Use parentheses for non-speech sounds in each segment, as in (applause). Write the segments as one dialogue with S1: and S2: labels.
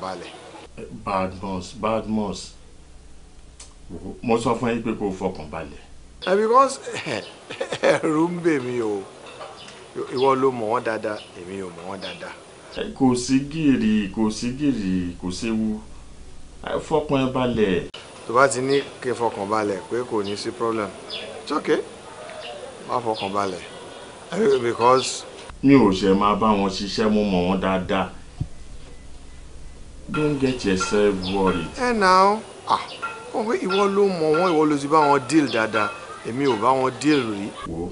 S1: balẹ̀.
S2: Badmus Badmus mo sọ fún yín pé kó o fọkàn balẹ̀. Eh, because (laughs) ẹ̀rù ń bà mí o ìwọ ló mọ̀ wọ́n dáadáa èmi ò mọ̀ wọ́n dáadáa. Eh, kò sí gìrì kò sí gìrì kò séwu eh, fọkàn ẹ balẹ̀. tó bá ti ní kí n fọkàn balẹ̀ pé kò ní sí problem it's okay má fọkàn balẹ̀ because. mi ò ṣe máa bá wọn ṣiṣẹ́ mo mọ̀ wọ́n dáadáa Don't get yourself worried.
S3: Ẹ náà ah
S2: wọ́n pé ìwọ ló mọ̀ wọ́n ìwọ ló ti bá wọn deal dáadáa èmi ò bá wọn deal rí. Wo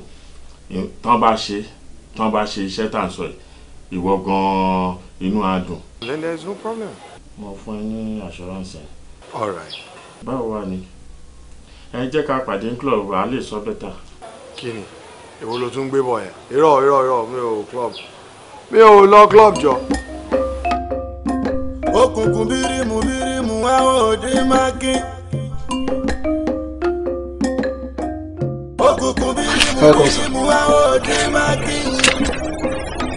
S2: tán bá ṣe tán bá ṣe iṣẹ́ tà ń sọ yìí ìwọ gan-an inú á dùn. Then there is no problem. Mo fún ẹ ní assurance. All right. Báwo wà ni? Ẹ jẹ́ ká pàdé ní club à lè sọ bẹ́tà.
S1: Kí ni? Èwo ló tún gbé bọ̀ yẹn? Irọ́ irọ́ irọ́ mi ò club. Mi ò lọ club jọ òkùnkùn bírímù bírímù àwọn òde mákì.
S4: òkùnkùn bírímù bírímù àwọn òde mákì.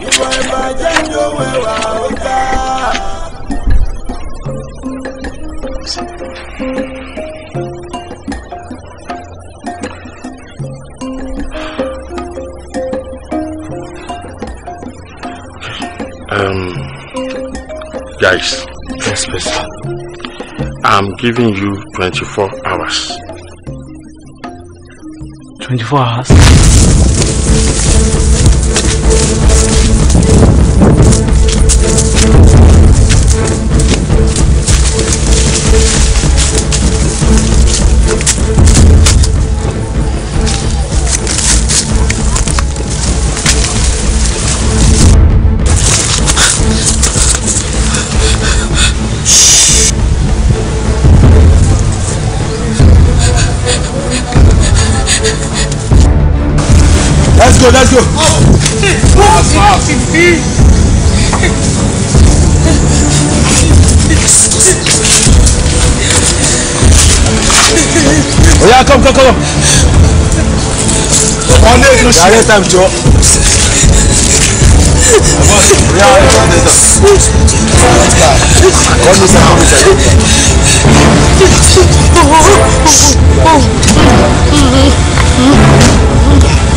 S4: ìwà ìbàjẹ́ ni òun ẹ̀wà ó ká.
S2: Um, guys. I'm giving you 24 hours.
S5: 24 hours?
S4: go, let's go. Oh
S2: yeah, come, come, come.
S4: On est, nous sommes. time, Joe. Yeah, on est là. On nous a commis
S6: ça.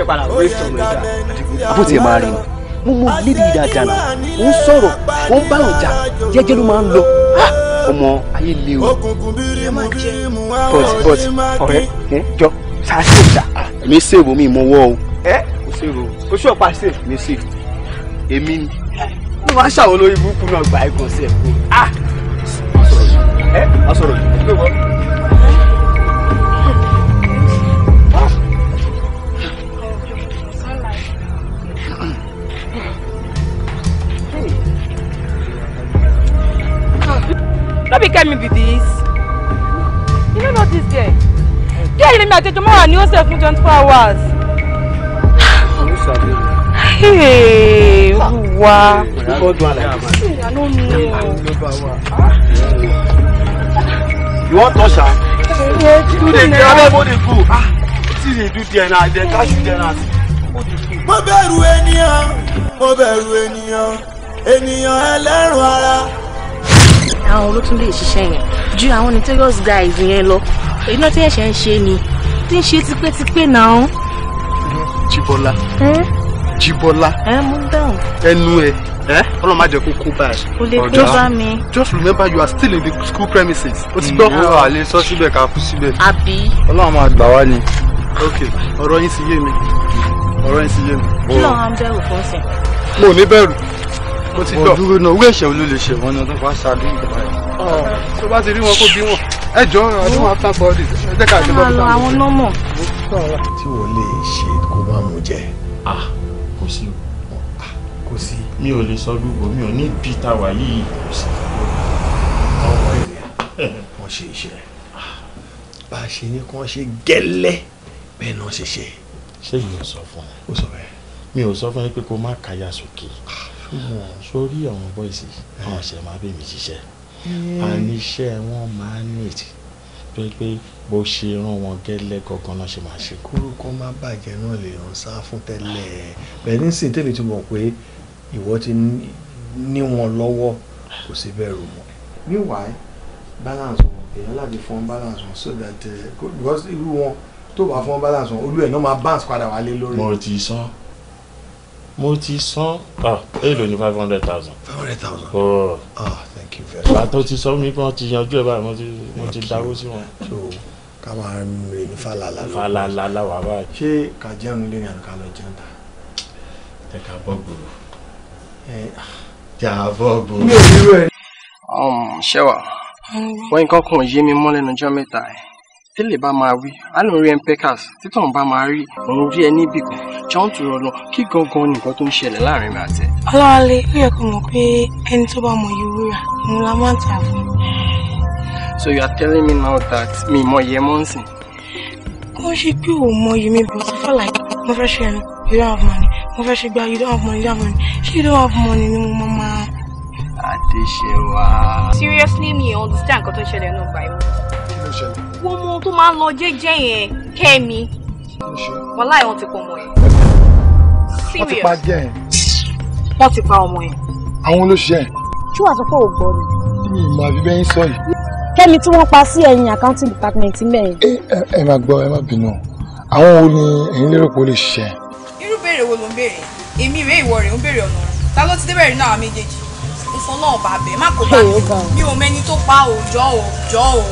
S7: dẹ̀ padà waste ọmọ ìdá. àbó tiẹ̀ máa rìn mo mọ níbi ìdá dànù ó ń sọ̀rọ̀ ó ń báyọ̀ jà jẹ́jẹ́ ló máa ń lọ
S8: ah! ọmọ ayé le o
S7: but but
S9: ọ̀rẹ́
S8: jọ ṣáṣe ìjà ah, èmi ṣèwò mi ìmọ̀wọ́ o.
S9: ẹ kò ṣèrò o ṣe ọ̀pá ṣe. mi ṣe èmi ni. mo máa ń ṣàwọn olórí burúkú náà gba ẹ̀gàn sí
S8: ẹ̀kọ́.
S6: èmi àtẹjọ mọ́ra ni ó ṣe fún twenty four hours. Olúwa. You wan touch am?
S4: You dey grab everybody
S8: eh? food. Ah, wetin dey do there na? Dem catch you there na?
S4: Mo
S6: bẹ̀rù ènìyàn, mo bẹ̀rù ènìyàn, ènìyàn ẹlẹ́rùn ara. Àwọn olótúndé ìṣiṣẹ́ yẹn ju àwọn nítẹ́gọ́sì guys yẹn lọ. Èyí náà tí ẹ̀ṣẹ̀ ń ṣe ni ti ń ṣe tipẹ́tipẹ́ náà.
S2: Jíbọ́lá.
S8: Jíbọ́lá. ẹ mú dáhùn. ẹnu ẹ ẹ Ọlọ́run má jẹ́ kó kó bá ẹ. kò lè kó bá
S3: mi.
S1: just remember you are still in the school premises. o ti gbọ́. ìyá wa lè sọ síbẹ̀ ká kú síbẹ̀. àbí. Ọlọ́run máa gbà wá ni. ok ọ̀rọ̀ yín sì yé mi ọ̀rọ̀ yín sì yé mi. kí ló
S6: ń bẹ̀rù fún sìn.
S1: mo ò ní bẹ̀rù mo ti gbọ́. mo dúró náà owó ẹ̀ṣẹ̀ wo ló lè ṣe wọn náà tó bá ṣáájú ìgbà yẹn.
S8: tó bá ti rí wọn kó bí wọn ẹ jọ ọdún wa tán bọ́ọ̀lì ẹ jẹ́
S2: ká ṣe bọ́ọ̀lì tán. àwọn tí wọ́n lè ṣe kó má mú jẹ kò sí kò sí mi ò lè sọ gbogbo mi ò ní bí táwa yìí kò sí. ọmọ ènìyàn wọ́n ṣe iṣẹ́ bá a ṣe ní kí wọ́n ṣe gẹ́lẹ́ bẹ́ẹ̀ náà ṣe ṣe. ṣé yìí ò sọ fún ẹ. ó sọ bẹ́ẹ̀. mi ò sọ fún ẹ pé kó má káyà sókè. sórí àwọn bọ́ìsì àwọn ṣẹ̀ máa bẹ̀ mí ṣiṣẹ́ àní iṣẹ́ wọn máa ń nìtì pé pé bó ṣe rán wọn gẹ́lẹ́ gangan náà ṣe máa ṣe. kúrú kó má bàjẹ́ náà lè hàn sá fún tẹ́lẹ̀ bẹ́ẹ̀ nísìnyí tèmi ti mọ̀ pé ìwọ ti ní wọn lọ́wọ́ kò sí bẹ̀rù mọ́. meanwhile balance wọn èèyàn láti fún balance wọn so that uh, because irú wọn tó bá fún balance wọn olú ẹ̀ náà máa bounce padà wálé lórí. mo ti sọ. So mo ti san èèlò ah, ní five hundred thousand. five hundred thousand. oh ah, thank you very much. bàtò ti sọ mi pé wọ́n ti yanjú ẹ̀ báyìí mo ti dáwó sí wọn. so ká máa rìn ní falala. falala láwa báyìí. ṣé ká jẹun lé ní àná ká lọ jẹun ta. ẹ ká bọ́ gbòòrò. Ah. jà bọ́ gbòòrò.
S7: Um, ṣé wà wọ́n nǹkan kan yé mi mọ́ lẹ́nu ọjọ́ mẹ́ta ẹ̀ tẹ́lẹ̀ bá máa wí á rí empekas títàn bá máa rí òun rí ẹni bì kan jọ ń tòrọ lọ kí gangan ni tó ń ṣẹlẹ̀ láàrin mi àtẹ.
S6: ọlọ́ọ̀lẹ́ ó yẹ kó mọ̀ pé ẹni tó bá mọ iye òun la máa tà fún.
S7: so you are telling me now that mi mọ iye mọ́ǹsìn.
S6: kó o ṣe pé òun mọ iye mi bọ̀ sí fọ́lá mo fẹ́ ṣe ẹni you don't have money mo fẹ́ ṣe gba you don't have money you don't have money ṣé you don't have money ni mo máa máa.
S7: Adéṣewà.
S8: seriously
S6: mi ò understand nǹkan tó ń ṣẹlẹ̀ náà gbà wo ọmọ tó máa ń lọ jẹ́jẹ́ yẹn kẹ́mi wọn láì wọn ti pọ̀ ọmọ yẹn.
S1: wọ́n ti pa jẹ́ yẹn. wọ́n ti pa ọmọ yẹn. àwọn olóṣèlú yẹn. ṣé wàá sọ pé ò gbọ́ ni. kí ni ìmọ̀ àbí bẹ́ẹ̀ ń sọ yìí. kẹ́mi tí wọ́n pa sí ẹ̀yìn accounting department mẹ́rin. ẹ máa gbọ́ ẹ má bínú àwọn wo ni ẹ̀yin lérò pé ó lè ṣiṣẹ́.
S6: irú béèrè wo ló ń béèrè èmi rèé ìwọ rèé ń béèrè ọ̀nà ta ló ti débẹ̀ rí náà méjèèjì ìfọ̀nà ọ̀bà bẹ̀ má kó bá mi mi ò mẹ́ni tó pa òòjọ́ òòjọ́ o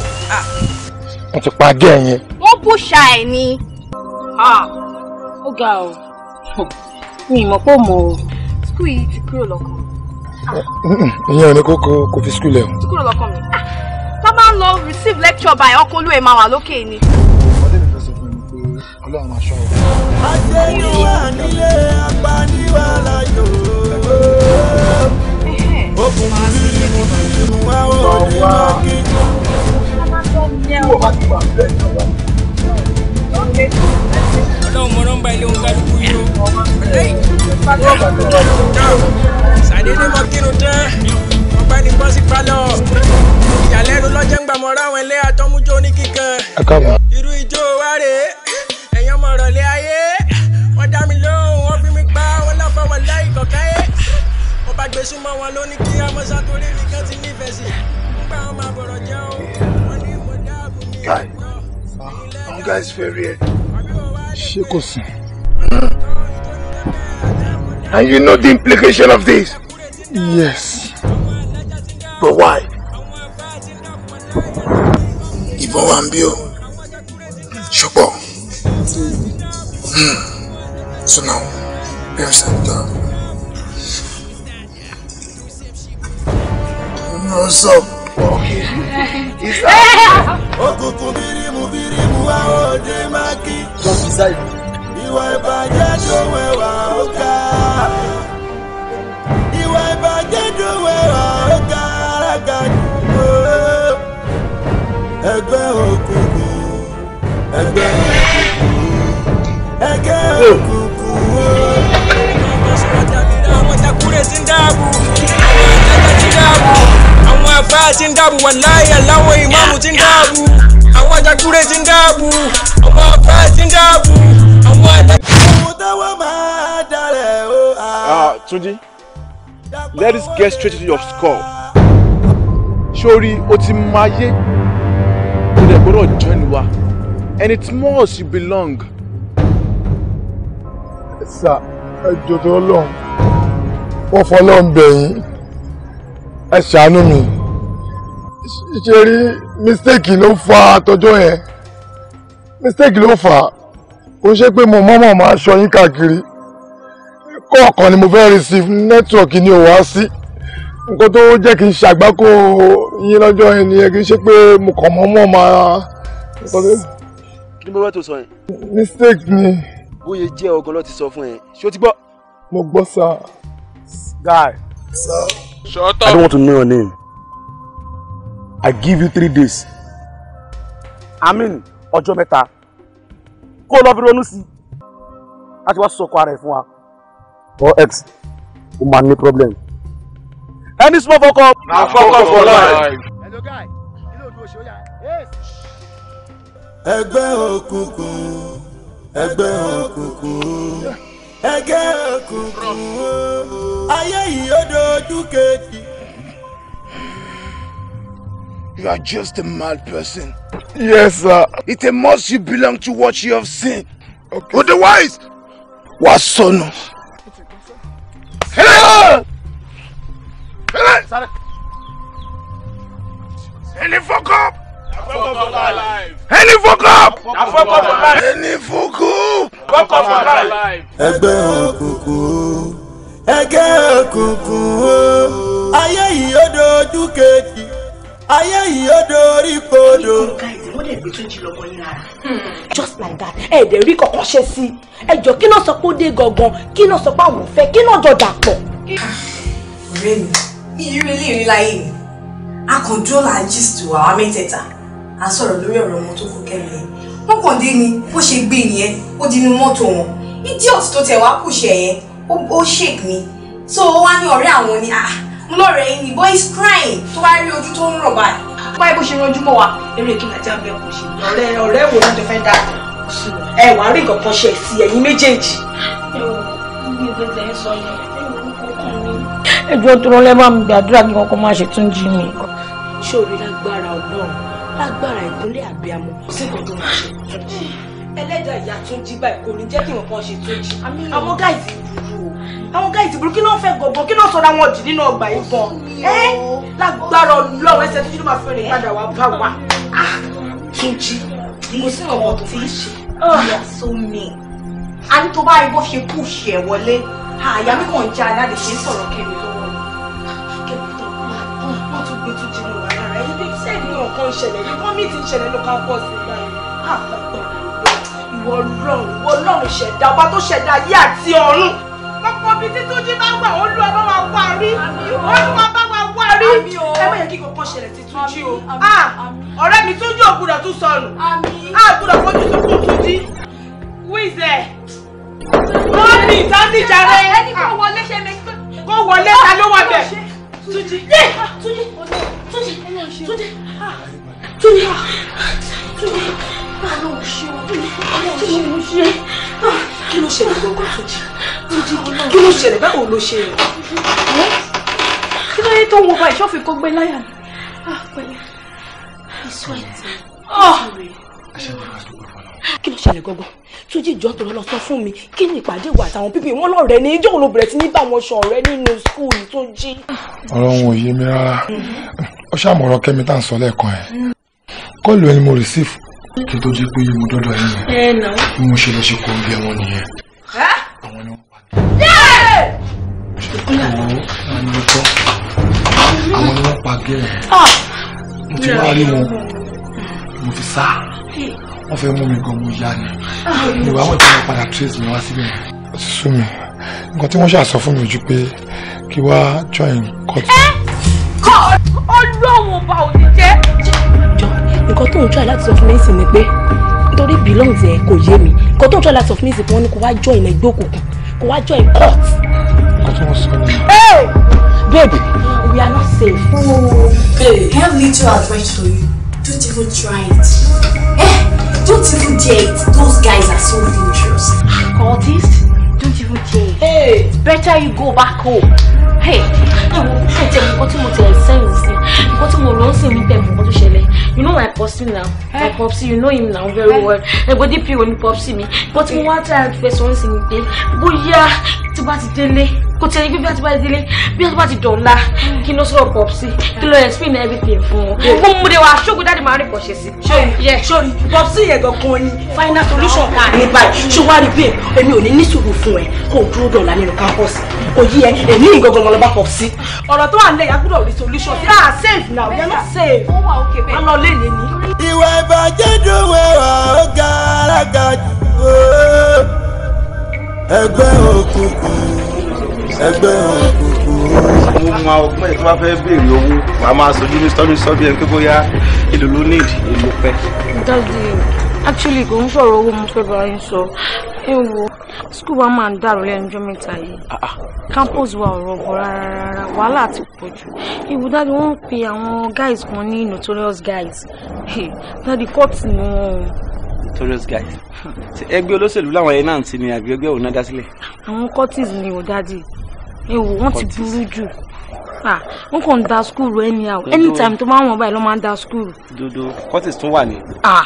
S1: wọ́n ti pa gẹ́ yẹn.
S6: wọ́n bù ṣá ẹ̀ ni ó ga o mi mọ̀ pé mo o skul yìí ti kúrò lọ́kàn.
S1: ìyẹn ò ní kó kó fi skul ẹ̀ o.
S6: kúrò lọ́kàn mi tá a bá ń lọ receive lecture by ọkọ olú ẹ̀ máa wà lókè ni. ọdẹ mi fẹ́
S1: fún mi pé ọlọ́run máa ṣọ́ ọ.
S6: àjẹyìnwá
S4: nílé apaniwá láyò
S3: okùn mi rí mu rí mu wá ó
S6: ní wọ́n bá ti wà bẹ́ẹ̀ ní ọ̀la.
S10: ọlọ́run mọ̀ nọ́mbà ilé òun kálukú yìí o.
S4: sàdédé mọ kírun tán ọ̀gbẹ́ni bọ́sì
S7: pálọ̀ ìyàlẹ́nu lọ́jọ́ ń gbàmọ́ ráwọn ilé atọ́mújó ní kíkan irú ijó wa rèé ẹ̀yàn mọ̀ rọ̀lẹ́ ayé wọ́n dá mi lóhùn wọ́n fi mi pa wọ́n lọ́fọ̀ wọ́n lẹ́yìn kọ̀ọ̀kan yé wọ́n bá gbé súnmọ́ wọn ló ní kí amọ́sá torí mi kán ti nífẹ̀ẹ́ sí nígbà wọn máa bọ̀rọ̀
S3: jẹ́ guy. Some guy is very weird. Ṣé And you know the implication of this?
S1: Yes.
S3: But why? Ìbọn wà Shoko. bí hmm. So now, here's the dog. No, so. Okay. It's (laughs) (laughs) òkùnkùn bírímù bírímù
S4: a ò dé mákì. ìwà ìbàjẹ́ tó wẹ̀wà ó ga. ìwà ìbàjẹ́ tó wẹ̀wà ó ga alága jù. ẹgbẹ́ òkùnkùn ẹgbẹ́ òkùnkùn ẹgbẹ́ òkùnkùn.
S7: Mashakure zindabu, mashakure zindabu àwọn àgbà ti ń dàbù wà láyé aláwọ̀ ìmáàmù ti ń dàbù àwọn àjàkúrẹ́ ti ń dàbù
S3: àwọn àgbà ti ń dàbù àwọn àjàkúrẹ́.
S7: ohun táwọn
S4: máa dalẹ̀ o.
S3: Ah, Túnjí let us get straight to your score sórí o ti máa yé o dẹ̀ gbọ́dọ̀ join wa
S1: and it must you belong. Sir, ẹ jọ̀dọ̀ ọlọ́run wọ́n fọlọ́ bẹ̀yìn ẹ ṣàánú mi ṣe rí mistake ló fa tọjọ́ yẹn mistake ló fà á ó ṣe pé mo mọ́mọ́ máa ṣọ yín káàkiri kọ̀ọ̀kan ni mo fẹ́ receive network ni ò wá sí nǹkan tó jẹ́ kí n ṣàgbákò yín lọ́jọ́ yẹn nìyẹn kì í ṣe pé mo kàn mọ́mọ́ máa.
S9: kí ni mo bá tó sọ yẹn.
S1: mistake ni.
S9: bóyá jẹ́ ọgọ́n ló ti sọ fún ẹ ṣé o ti gbọ́. mo gbọ́ sá. guy. sir. So.
S1: Shut up. I don't want to know your name.
S8: I give you three days.
S9: I mean, Ojo Meta, call everyone lọ see. I sí. A ti wá sọ̀kọ ara ẹ̀ fún wa.
S8: Or ex, o máa problem.
S9: Any small fuck up. Na fuck
S4: up for life. Hello guy, Ẹgbẹ́ òkùnkùn, ẹgbẹ́ òkùnkùn ẹgẹ́ òkùnkùn ayé yìí ó dojú kejì.
S3: You are just a mad person. Yes, sir. It's a must you belong to what you have seen. Okay. Otherwise, what son Hello! Hello! Any fuck up? Any fuck up? Any fuck up? Any fuck up? kọ́kọ́ for life. ẹgbẹ́
S4: òkùnkùn ẹgbẹ́ òkùnkùn ayé yìí ó dojú
S6: kejì ayé yìí ó dorí kodò. Hmm, just like that ẹ ẹ̀dẹ̀ rí kọ̀kọ́ ṣe sí i ẹ jọ kí náà sọ pé ó dé gangan kí náà sọ pé àwọn ò fẹ́ kí náà jọ dà pọ̀. ọ̀rẹ́ ìrírí ilé ìrìn láyé mi a kàn dúró là ń gist wa mẹ́tẹ̀ẹ̀ta a sọ̀rọ̀ lórí ọ̀rọ̀ ọmọ tó kú kẹ́mi yẹn wọ́n kàn dé ni bó ṣe gbé nìyẹn ó di inú mọ́tò wọn idiot tó tẹ̀ wá pùṣẹ̀ yẹn ó shake mi so ó wá ní ọ̀rẹ́ àwọn ni ah mo lọ́rẹ̀ yín ni boy is crying tó bá rí ojú tó ń rọ̀ báyìí. Ah, báyìí bó ṣe ranjú mọ́ wa eré kí nàìjíríà bẹ́ẹ̀ kò ṣe ọ̀rẹ́ ọ̀rẹ́ wo ló ń fẹ́ dá ẹ wà á rí nǹkan kan ṣe sí ẹ̀yin méjèèjì. ẹjọ́ tó rán lẹ́wọ̀n mi gbàdúrà kí kankan má ṣe tún jí mi. ṣé orí lágbára ọlọ́run lágbára ìkúnlẹ̀ àbíamọ síkò tó máa ṣe tó ẹlẹ́dàá ìyá tó jí báyìí kò ní jẹ́ kí nǹkan ṣe tó àwọn gáìsì burú o àwọn gáìsì burú kí ló ń fẹ́ gọ̀gàn kí ló ń sọra wọn jù nínú ọgbà yìí gan lágbára ọlọ́run ẹsẹ̀ tó jí ló máa fẹ́ rìn padà wá bá wa ah, tó kò sí ọ̀wọ́ tó máa ṣe ah. ìyá so mean a ní tó bá rí bó ṣe kú ṣe wọlé àyà mi kàn já aládìsí sọ̀rọ̀ kẹ́mi lọ́wọ́ bẹ́ẹ̀ ni ọ̀kan ìṣẹ̀lẹ̀ yìí wọ́n mí ti ìṣẹ̀lẹ̀ ló ká pọ̀ sí báyìí àpapọ̀ ìwọ ọlọ́run ìwọ ọlọ́run ṣẹ̀dá ọba tó ṣẹ̀dá ayé àti ọ̀run gbogbo ibi tí túnjí bá gbà ó lú ọba máa wá rí olúwa bá wá wá rí ẹ má yẹ kí kankan ṣẹlẹ̀ ti túnjí o ọ̀rẹ́ mi túnjí ò gbúdọ̀ tún sọnù á gbúdọ̀ fojú sunkún túnjí wíìzẹ̀ mọ́ọ̀lì ìtàn níjàre kó wọlé ta ló wà bẹ́ẹ̀. Túnjí. Túnjí. Túnjí. Túnjí. Túnjí. Túnjí. Ọlọ́run ṣe o. Ọlọ́run ṣe o. Kí ló ṣẹlẹ̀ lọ́gbọ̀n Túnjí? Túnjí kí ló ṣẹlẹ̀ báwo ló ṣe rẹ̀? Kí ló yẹ tó wo ba ìṣọ́fin kó gbé láyà mi? Ah, pẹ̀lẹ́. Ìṣó ẹ̀ tí. Àṣàbẹ̀ ṣẹlẹ̀ gangan túnjí ìjọ tó lọ sọ fún mi kí ni ìpàdé ìwà àtàwọn pípé wọn lọ́rẹ̀ ní ìjọ òun ló ní bá wọn ṣọ̀rẹ́ nínú skul tó jí.
S1: ọ̀rọ̀ wọn ò mi rárá ó ṣàmọ̀rọ̀ kẹ́mi tá à ń sọ lẹ́ẹ̀kan ẹ̀ kọ́ọ̀lù ẹni mo receive kí tó jẹ́ pé mo dọ́dọ̀ ẹ̀yìn bí mo ṣe lọ ṣe kó bí ẹwọn nìyẹn àwọn ni wọ́n pa gẹ́ẹ̀ ah! mo ti wá rí wọn mo ti sá wọ́n fẹ́ mú mi gan mo yá ni mi wá wọ́n padà trace mi wá síbẹ̀. ó nǹkan tí wọ́n ṣàṣọ fún mi jù pé kí wá join court. ẹ kọ
S6: ọlọ́run ọba ò ní jẹ́. jọ nǹkan tó ń tọ́ láti sọ fún mi sí ni pé nítorí belongs ẹ kò yé mi nǹkan tó ń tọ́ láti sọ fún mi sí pé wọ́n ní kó wá join ẹgbẹ́ òkùnkùn kó wá join court.
S1: nǹkan tí wọ́n sọ ni.
S6: baby we are not safe. Oh, babe, help me to advise for you. Don't even try it. Eh? Don't even date Those guys are so dangerous. Cultist, don't even date. Hey, it's better you go back home. Hey, ẹ wo ẹ tẹ nǹkan tí mo tẹ ẹ sẹ́yìn sí nǹkan tí mo rò ó sì mí bẹ́ẹ̀ mọ́ tó you know my popsy now my eh? popsy. you know him now very eh? well ẹgbẹ́ dp wo ni popsi mi but mo wá try fẹsọ̀ ń sìn pé bóyá tí bá ti délé kò tẹ̀lé bí bí a ti bá ti délé bí a ti bá ti dọ̀la hmm. kí ló sọ̀rọ̀ popsi kí ló explain everything fún wọn. mo mú de wa ṣógun dáàdi máa rìn pọ̀ṣẹ̀ sí. sori popsi yẹn gangan ni final solution kan ní báyìí ṣé wàá rí bẹ́ẹ̀ èmi ò ní ní sùúrù fún ẹ kó o dúró dọ̀la nínú campus òyì ẹ èmi gangan lọ bá popsi. ọ̀rọ̀ tó wà ń lẹ̀ yà gbọ́dọ̀ rí solution sí. are safe now you are not safe. Oh, okay, ó ọ̀rẹ́ mi ni. ìwà ìbàjẹ́ dùn wẹ̀wà ó
S9: ga alága jù ó ẹgbẹ́ òkùnkùn ẹgbẹ́ òkùnkùn. mo mọ ọgbọ́n ìtura fẹ́ béèrè owó màá máa sojú ní sọ́dún sọ́dún yẹn pé bóyá èlò ló ní ìdí èlò pẹ́.
S6: dájú actually kò ń sọ̀rọ̀ owó mo fẹ́ bá yín sọ ẹ wo school wa máa ń dàrú lẹ́nujọ́ mẹ́ta yìí ah, ah. campus wa ò rọgbọ rárá wàhálà ti pọ̀ jù ìwú dáàdi wọ́n pe àwọn guys kan ní notorious guys dáàdi kọ́ọ̀tù ni wọ́n.
S9: notorious guys ẹgbẹ́ olóṣèlú làwọn yẹn náà ti ní àbí ẹgbẹ́ òun náà dá sílẹ̀.
S6: àwọn curtis ni ò dáàdi ẹ wo wọ́n ti burú jù Ah, n kò ń da skul ẹni àwọn anytime tó máa ń wọ̀n báyìí ló máa ń da skul.
S9: dodo curtis tún wà ní.
S6: Ah.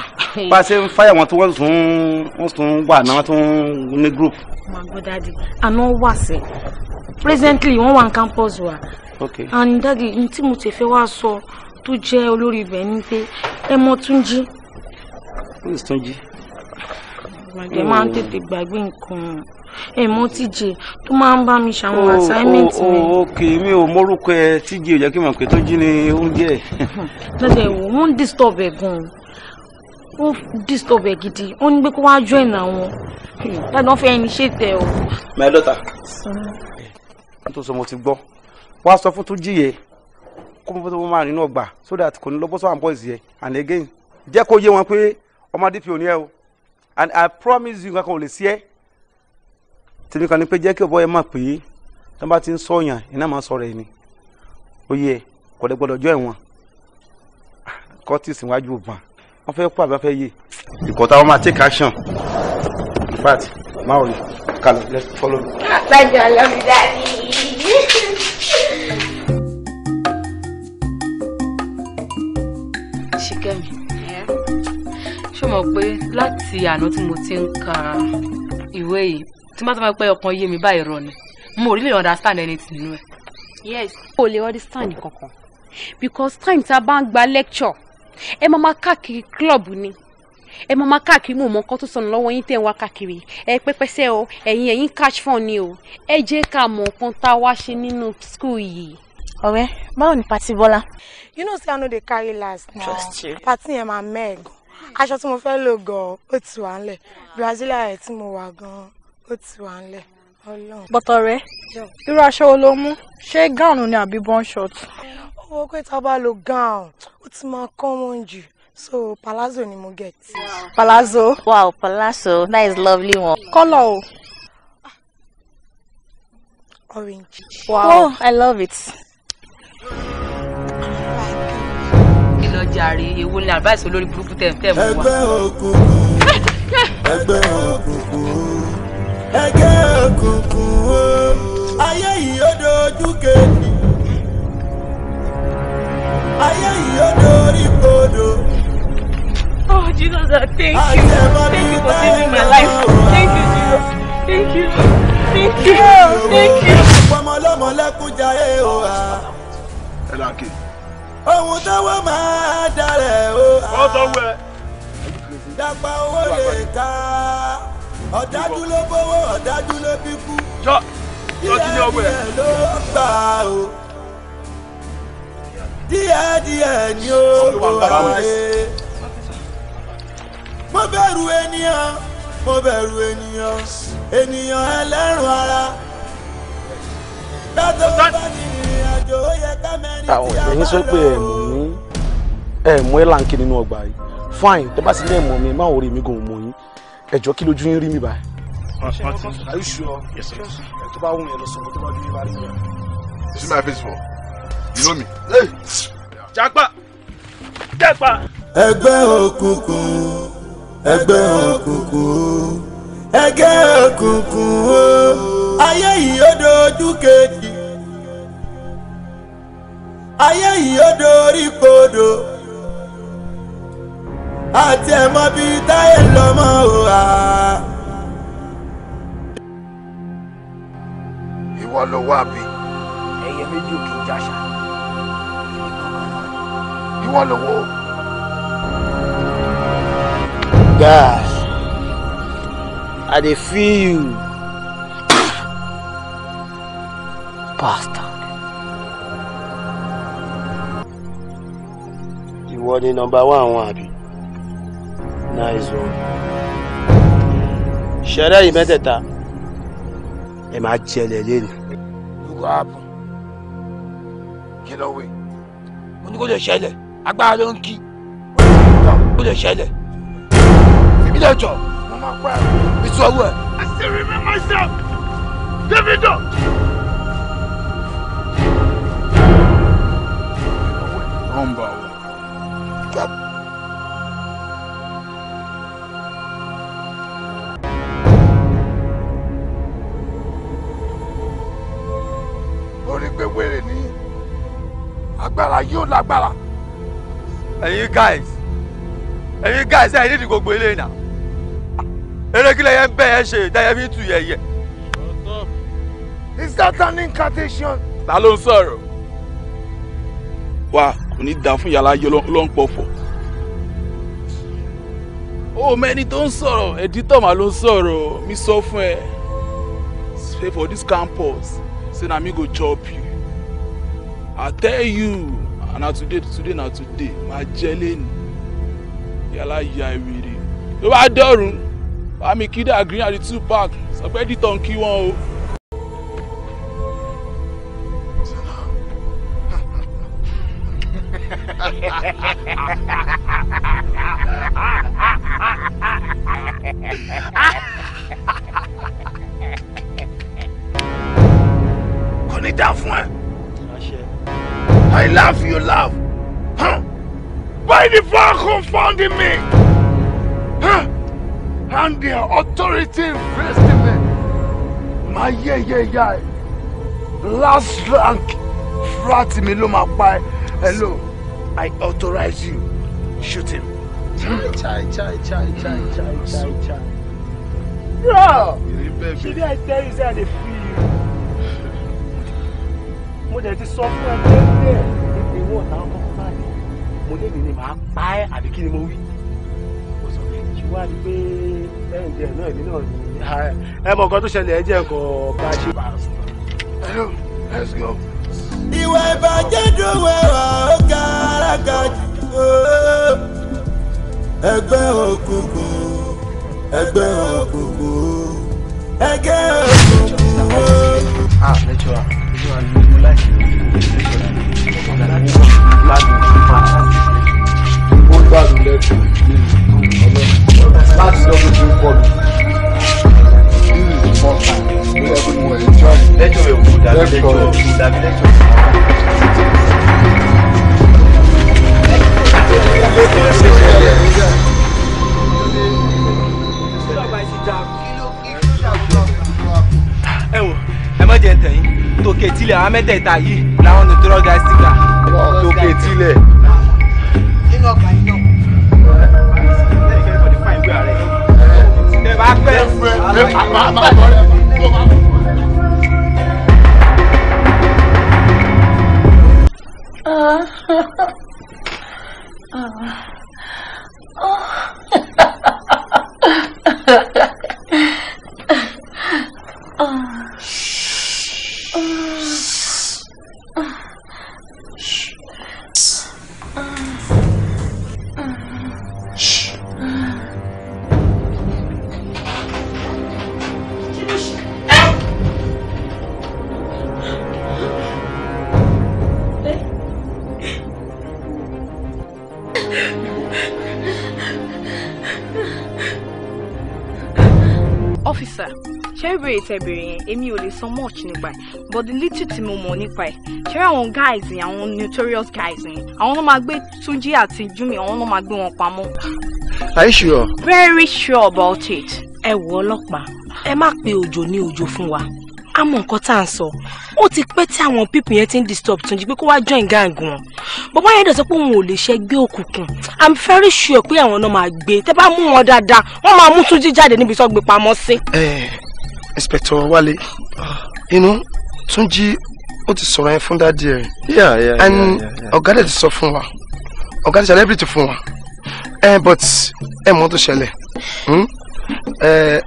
S6: bá a
S9: ṣe ń fáyà wọn tó wọ́n tún wọ́n tún wà náà wọ́n tún ní group.
S6: màá gbọ́ dáàdi àná wà sẹ́ presently wọ́n wà ní campus wa. okay. and dáàdi n tí mo ti fẹ́ wá sọ tó jẹ́ olórí ibẹ̀ ni pé ẹ mọ Túnjí. curtis Túnjí. ìgbàgbé máa ń tètè gbàgbé nǹkan ẹ̀mọ́ tíje tó máa ń bá mi ṣàwọn assignment oh, oh,
S9: mi. Oh, ok mi ò mórúkọ ẹ tíje ò jẹ́ kí n mọ̀ pé tó jí ni oúnjẹ ẹ̀.
S6: lọ́sẹ̀ wo wọ́n ń disturb ẹ̀ gan-an ó disturb ẹ̀ gidi ó ní pé kó wá join àwọn láti wọ́n fẹ́ ẹni ṣe tẹ̀ o.
S9: my daughter. n tó sọ mo ti gbọ́ wá sọ fún tó jíye kó mọ́ tó máa rìn náà gbà so that kò ní lọ bọ́sọ̀ àwọn boys yẹn and again jẹ́ kó yé wọn pé ọmọ DPO ni ẹ o and I promise you nǹkan kan ò lè sí ẹ́ tèmi kan ní pé jẹ́ kí ọ̀bọ yẹn mọ̀ pé tí wọ́n bá ti ń sọ yàn iná máa ń sọ̀rọ̀ ẹ̀ ni ó yẹ kò lè gbọ́dọ̀ jọ ẹ̀wọ̀n kọ́tìsì wájú ògbọ̀n wọ́n fẹ́ kó àbá fẹ́ yé ìkọ́ta wọn máa take action in fact máa wọlé kálọ̀ let's follow me.
S6: àpẹjọ lọ mi dání. ṣìkẹ́mi ṣé o mọ̀ pé láti àná tí mo ti ń ka ìwé yìí tí má tó máa pẹ́ ọkàn yé mi báyìí rọ ni mo ò rí lè understand anything nínú ẹ. yes o lè understand kankan because time tá a bá ń gba lecture ẹ máa máa káàkiri club ni ẹ máa máa káàkiri mọ̀ mọ́ nǹkan tó sọnù lọ́wọ́ yín tẹ̀ ń wá káàkiri ẹ pẹ́pẹ́sẹ́ o ẹ̀yin ẹ̀yin catch phone ni o ẹ jẹ́ ká mọ̀ nǹkan tá a wá ṣe nínú school yìí. ọ̀rẹ́ báwo ni pati bọ́lá. you know say i no dey carry last now trust you pati yẹn máa mẹ́ẹ̀gàn aṣọ tí mo fẹ́ lò gan-an ó ti wà ń lẹ̀ brazil ayẹ̀ tí mo wà gan-an ó ti wà ń lẹ̀ ọlọ́run. bọ́tọ̀ rẹ irú aṣọ wo ló mú ṣé gáùnù ni àbí bọ́n short. ó wọ pé tá a bá lo gáùn ó ti máa common jù so palazzo ni mo get. palazzo. wow palazzo that is lovely one. kọ́lọ̀ o. orange. wow oh, i love it. jàre èwo ni advice olórí burúkú tẹ̀ ń wa. ẹgbẹ́ òkùnkùn ẹgbẹ́ òkùnkùn ẹgẹ́ òkùnkùn
S4: o ayé yìí ó dojú kejì ayé yìí ó dorí kodò. Oh Jesus, I thank you. Thank you for saving my life. Thank you, Jesus. Thank you. Thank you. Thank you. Ọmọlọ́mọ lẹ́kúnjà ẹ̀ o Ohun tọ́wọ́ máa darẹ̀ o ha. Ọ̀sán wẹ̀. owó lè ká ọ̀dájú ló bówó ọ̀dájú jọ jọ ní ọgbẹ. díẹ̀ díẹ̀ ló gbà o díẹ̀ díẹ̀ ni ó wọlé. mo bẹ̀rù ènìyàn mo bẹ̀rù ènìyàn ènìyàn ẹlẹ́rùn ara. dátó bá ní àjò yẹ ká
S3: tí a bá lọ. àwọn èyí sọ pé ẹ̀mú
S9: ẹ̀mú ẹ̀ láǹkì nínú ọgbà yìí fine tẹ́ bá sì ní ẹ̀mú mi má wò rí mi gòun mọ́ ẹjọ́ kí lójú yín rí mi báyìí. are you sure. yes sir. tó bá wù
S8: yẹn lọ sọ̀rọ̀ tó bá dún yín bá rí
S3: mi. you see my face for you know me. jagba jagba.
S4: ẹgbẹ́ òkùnkùn ẹgbẹ́ òkùnkùn ẹgbẹ́ òkùnkùn o ayé yìí ó dojú kejì ayé yìí ó dorí kodò àti ẹ̀mọ́ bíi táyé lọ́mọ
S3: òwà. ìwọ ló wà bí. ẹyẹ méjì ò kì í jàṣà èmi kankan náà ni. ìwọ ló wò. guys i dey feel you.
S9: bastard.
S8: ìwọ ni nọ́mbà one àwọn nice one. ṣẹlẹ yìí mẹ́tẹ̀ẹ̀ta
S9: ẹ máa jẹlẹ
S3: lẹni. lukú ààbò kí ló wé mo ní kó lè ṣẹlẹ̀ agbára ló ń kí kó lè ṣẹlẹ̀ fìbí lè jọ mo máa pa ìṣòwò ẹ. I still remember myself Davido. Rumba o. lágbára yóò lágbára. ẹ̀yin guys ẹ̀yin guys ẹ̀yin nídìí gbogbo eléyìí náà
S4: erékìlẹ̀ yẹn bẹ́ẹ̀ yẹn ṣe ìdáyẹ mi tù yẹyẹ.
S3: is that an incantation? ta ló ń sọ̀rọ̀. wa kò ní dáa fún yàrá yẹ ló ń pọ̀ fọ̀. ó mẹ́ni tó ń sọ̀rọ̀ ẹ̀dítọ̀ mà ló ń sọ̀rọ̀ mi sọ fún ẹ for this campus say na me go chop you. I tell you, and na today today na today, máa jẹ́ lẹ́nu. Yàrá ya ìwèrè. Ló bá dọ̀rùn, bá mi kí dàgírí the two pack, sọ pé dìtàn kí wọ́n o. written destiny máa yé yé yá last rank frat mi ló máa pa ẹ hello i authorize you shoot him. chai chai chai chai chai chai chai. bro ṣebí i tell you say i feel you.
S9: mo dẹ̀ ti sọ fún ẹ pé ẹ ní pé wọ́n ta ọkọ̀ fún mi mo lè ní ni màá pa ẹ́ àbí kí ni mo wí wá di pé lẹ́yìn díẹ̀ náà èmi náà ni ẹ mọ̀ nǹkan tó ṣẹlẹ̀ ẹ jẹ́ nǹkan bá ṣe
S8: let's go.
S4: ìwà ìbàjẹ́ dùn
S8: wẹ̀wà ó
S4: kára ga jù ẹgbẹ́ òkùnkùn
S3: ẹgbẹ́ òkùnkùn ẹgbẹ́ òkùnkùn. ah láti
S1: lọ́dún tó ń bọ̀ This is the first everyone enjoy. Lẹ́jọ́ rẹ̀ wò dàbí lẹ́jọ́ rẹ̀ wò dàbí lẹ́jọ́ rẹ̀ wò.
S9: Ẹ̀wọ̀n àwọn mẹ́tẹ̀ẹ̀ta yìí làwọn ní tọ́lọ́gà sígà. Tòkè tilẹ̀.
S3: ọgbà yìí.
S4: bá pẹ́. ẹ fún ẹ ẹ bá bá bọ̀
S3: rẹ.
S6: mo mọ̀ nípa ẹ̀ ṣé àwọn guys yẹn àwọn notorious guys yẹn àwọn náà máa gbé Túnjí àti Júmi àwọn náà máa gbé wọn pamọ́. Are you sure? Very sure about it. ẹ wo ọlọ́pàá ẹ má pe òjò ní òjò fún wa a mọ nǹkan tá à ń sọ ó ti pẹ́ tí àwọn pípì yẹn ti ń disturb Túnjí pé kó wá join gang wọn bàbá yẹn dẹ̀ sọ pé òun ò lè ṣẹgbẹ́ òkùnkùn i'm very sure pé àwọn náà máa gbé tẹ́ bá mú wọn dáadáa wọ́n máa mú Túnjí jáde níbi tó gbé pamọ́ sí. ẹ
S8: eh, ẹ inspector Wálé inú Túnjí ó ti sọ̀rọ̀ yẹn fún dádì ẹ̀ and ọ̀gá dẹ̀ ti sọ fún wa ọ̀gá ti celebrity fún wa ẹ eh, but ẹ mọ̀ tó ṣẹlẹ̀ hmm? eh,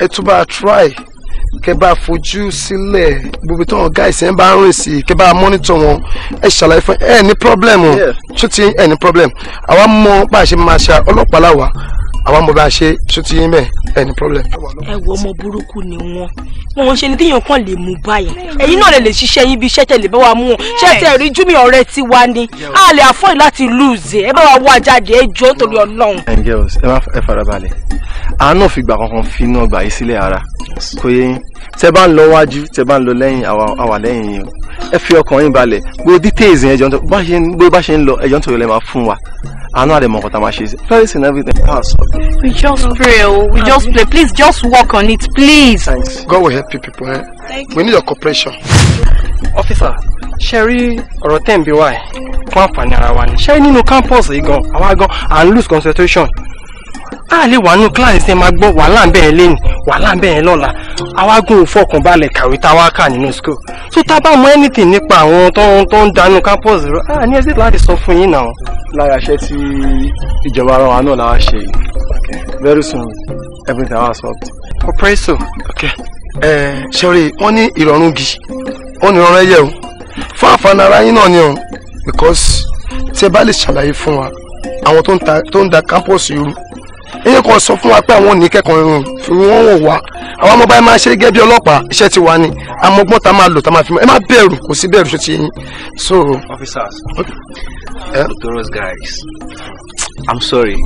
S8: ẹ tún bá a try kẹ bá fojú sílẹ̀ gbogbo tí wọn guys ẹ bá ń rìn sí kẹ bá monitor wọn ẹ ṣàlàyé fún ẹ ní problem o ṣó ẹ ní problem àwa mọ bá a ṣe máa ṣe ọlọ́pàá làwà àwọn ọmọ bá ṣe sọtí yín bẹ ẹni problem.
S6: ẹ wo ọmọ burúkú ni wọn wọn ṣe ni téèyàn kàn lè mú báyìí ẹ̀yin náà lè lè ṣiṣẹ́ yín bí iṣẹ́ tẹ́lẹ̀ bá wa mú wọn ṣe rí júmi ọ̀rẹ́ ti wa ni a lè afọ láti lùzẹ ẹ bá wa wá jáde ẹ jọ nítorí Ọlọ́run.
S8: ẹ girls ẹ má ẹ farabalẹ̀ àánú fìgbà kankan fi iná gbà yín sílẹ̀ ara kò yẹ yín tẹ bá ń lọ wájú tẹ bá ń lọ lẹ́yìn àwà lẹ́yìn yìí ẹ fi ọkàn yín balẹ̀ gbogbo details yẹn jọ gbogbo bá ṣe ń lọ ẹjọ́ nítorí lẹ́ẹ̀ máa fún wa àánú àdèmọ̀ ọ̀kọ̀tà máa ṣe é fẹ́rẹ́sì and everything pass. we just pray o we just pray please just work on it please. thanks God will help you people eh? we need your cooperation. officer ṣe rí ọ̀rọ̀ tẹ̀ ń bí wáyé fún àǹfààní ara
S7: wa ni ṣe nínú campus yìí gan àwa gan and lose concentration a wà nínú kíláàsì ẹ máa gbọ́ wàhálà ń bẹ yẹn lẹ́nu wàhálà ń bẹ yẹn lọ́la awágùn òfọkàn balẹ̀ kàwé tá kà nínú school tó tá mọ anything nípa àwọn tó ń tó ń dánú campus rẹ a ní ẹsẹ̀ láti sọ fún yín náà.
S8: lára iṣẹ́ tí ìjọba ara wa náà la wá ṣe yìí very soon everything wa solved. ọ̀pẹ́sọ̀ ẹ ṣọ́rí wọ́n ní ìrọ̀rùn gi wọ́n ní ìrọ̀rùn ẹyẹ o fún àǹfààní ara yín náà ni o because tí ẹ bá lè ṣàlàyé fún wa àwọn tó ń da campus irú iye kan sọ fún wa pé àwọn oníkẹ́kọ̀ọ́ irun fi wá àwọn ọmọ máa ṣe gẹ́gẹ́ bí ọlọ́pàá iṣẹ́ ti wá ni amọ̀gbọ́n tá máa lò tá máa fi mọ́ ẹ má bẹ̀rù kò sí bẹ̀rù ṣe ti yín so.
S9: officers eh? notorious guys i'm sorry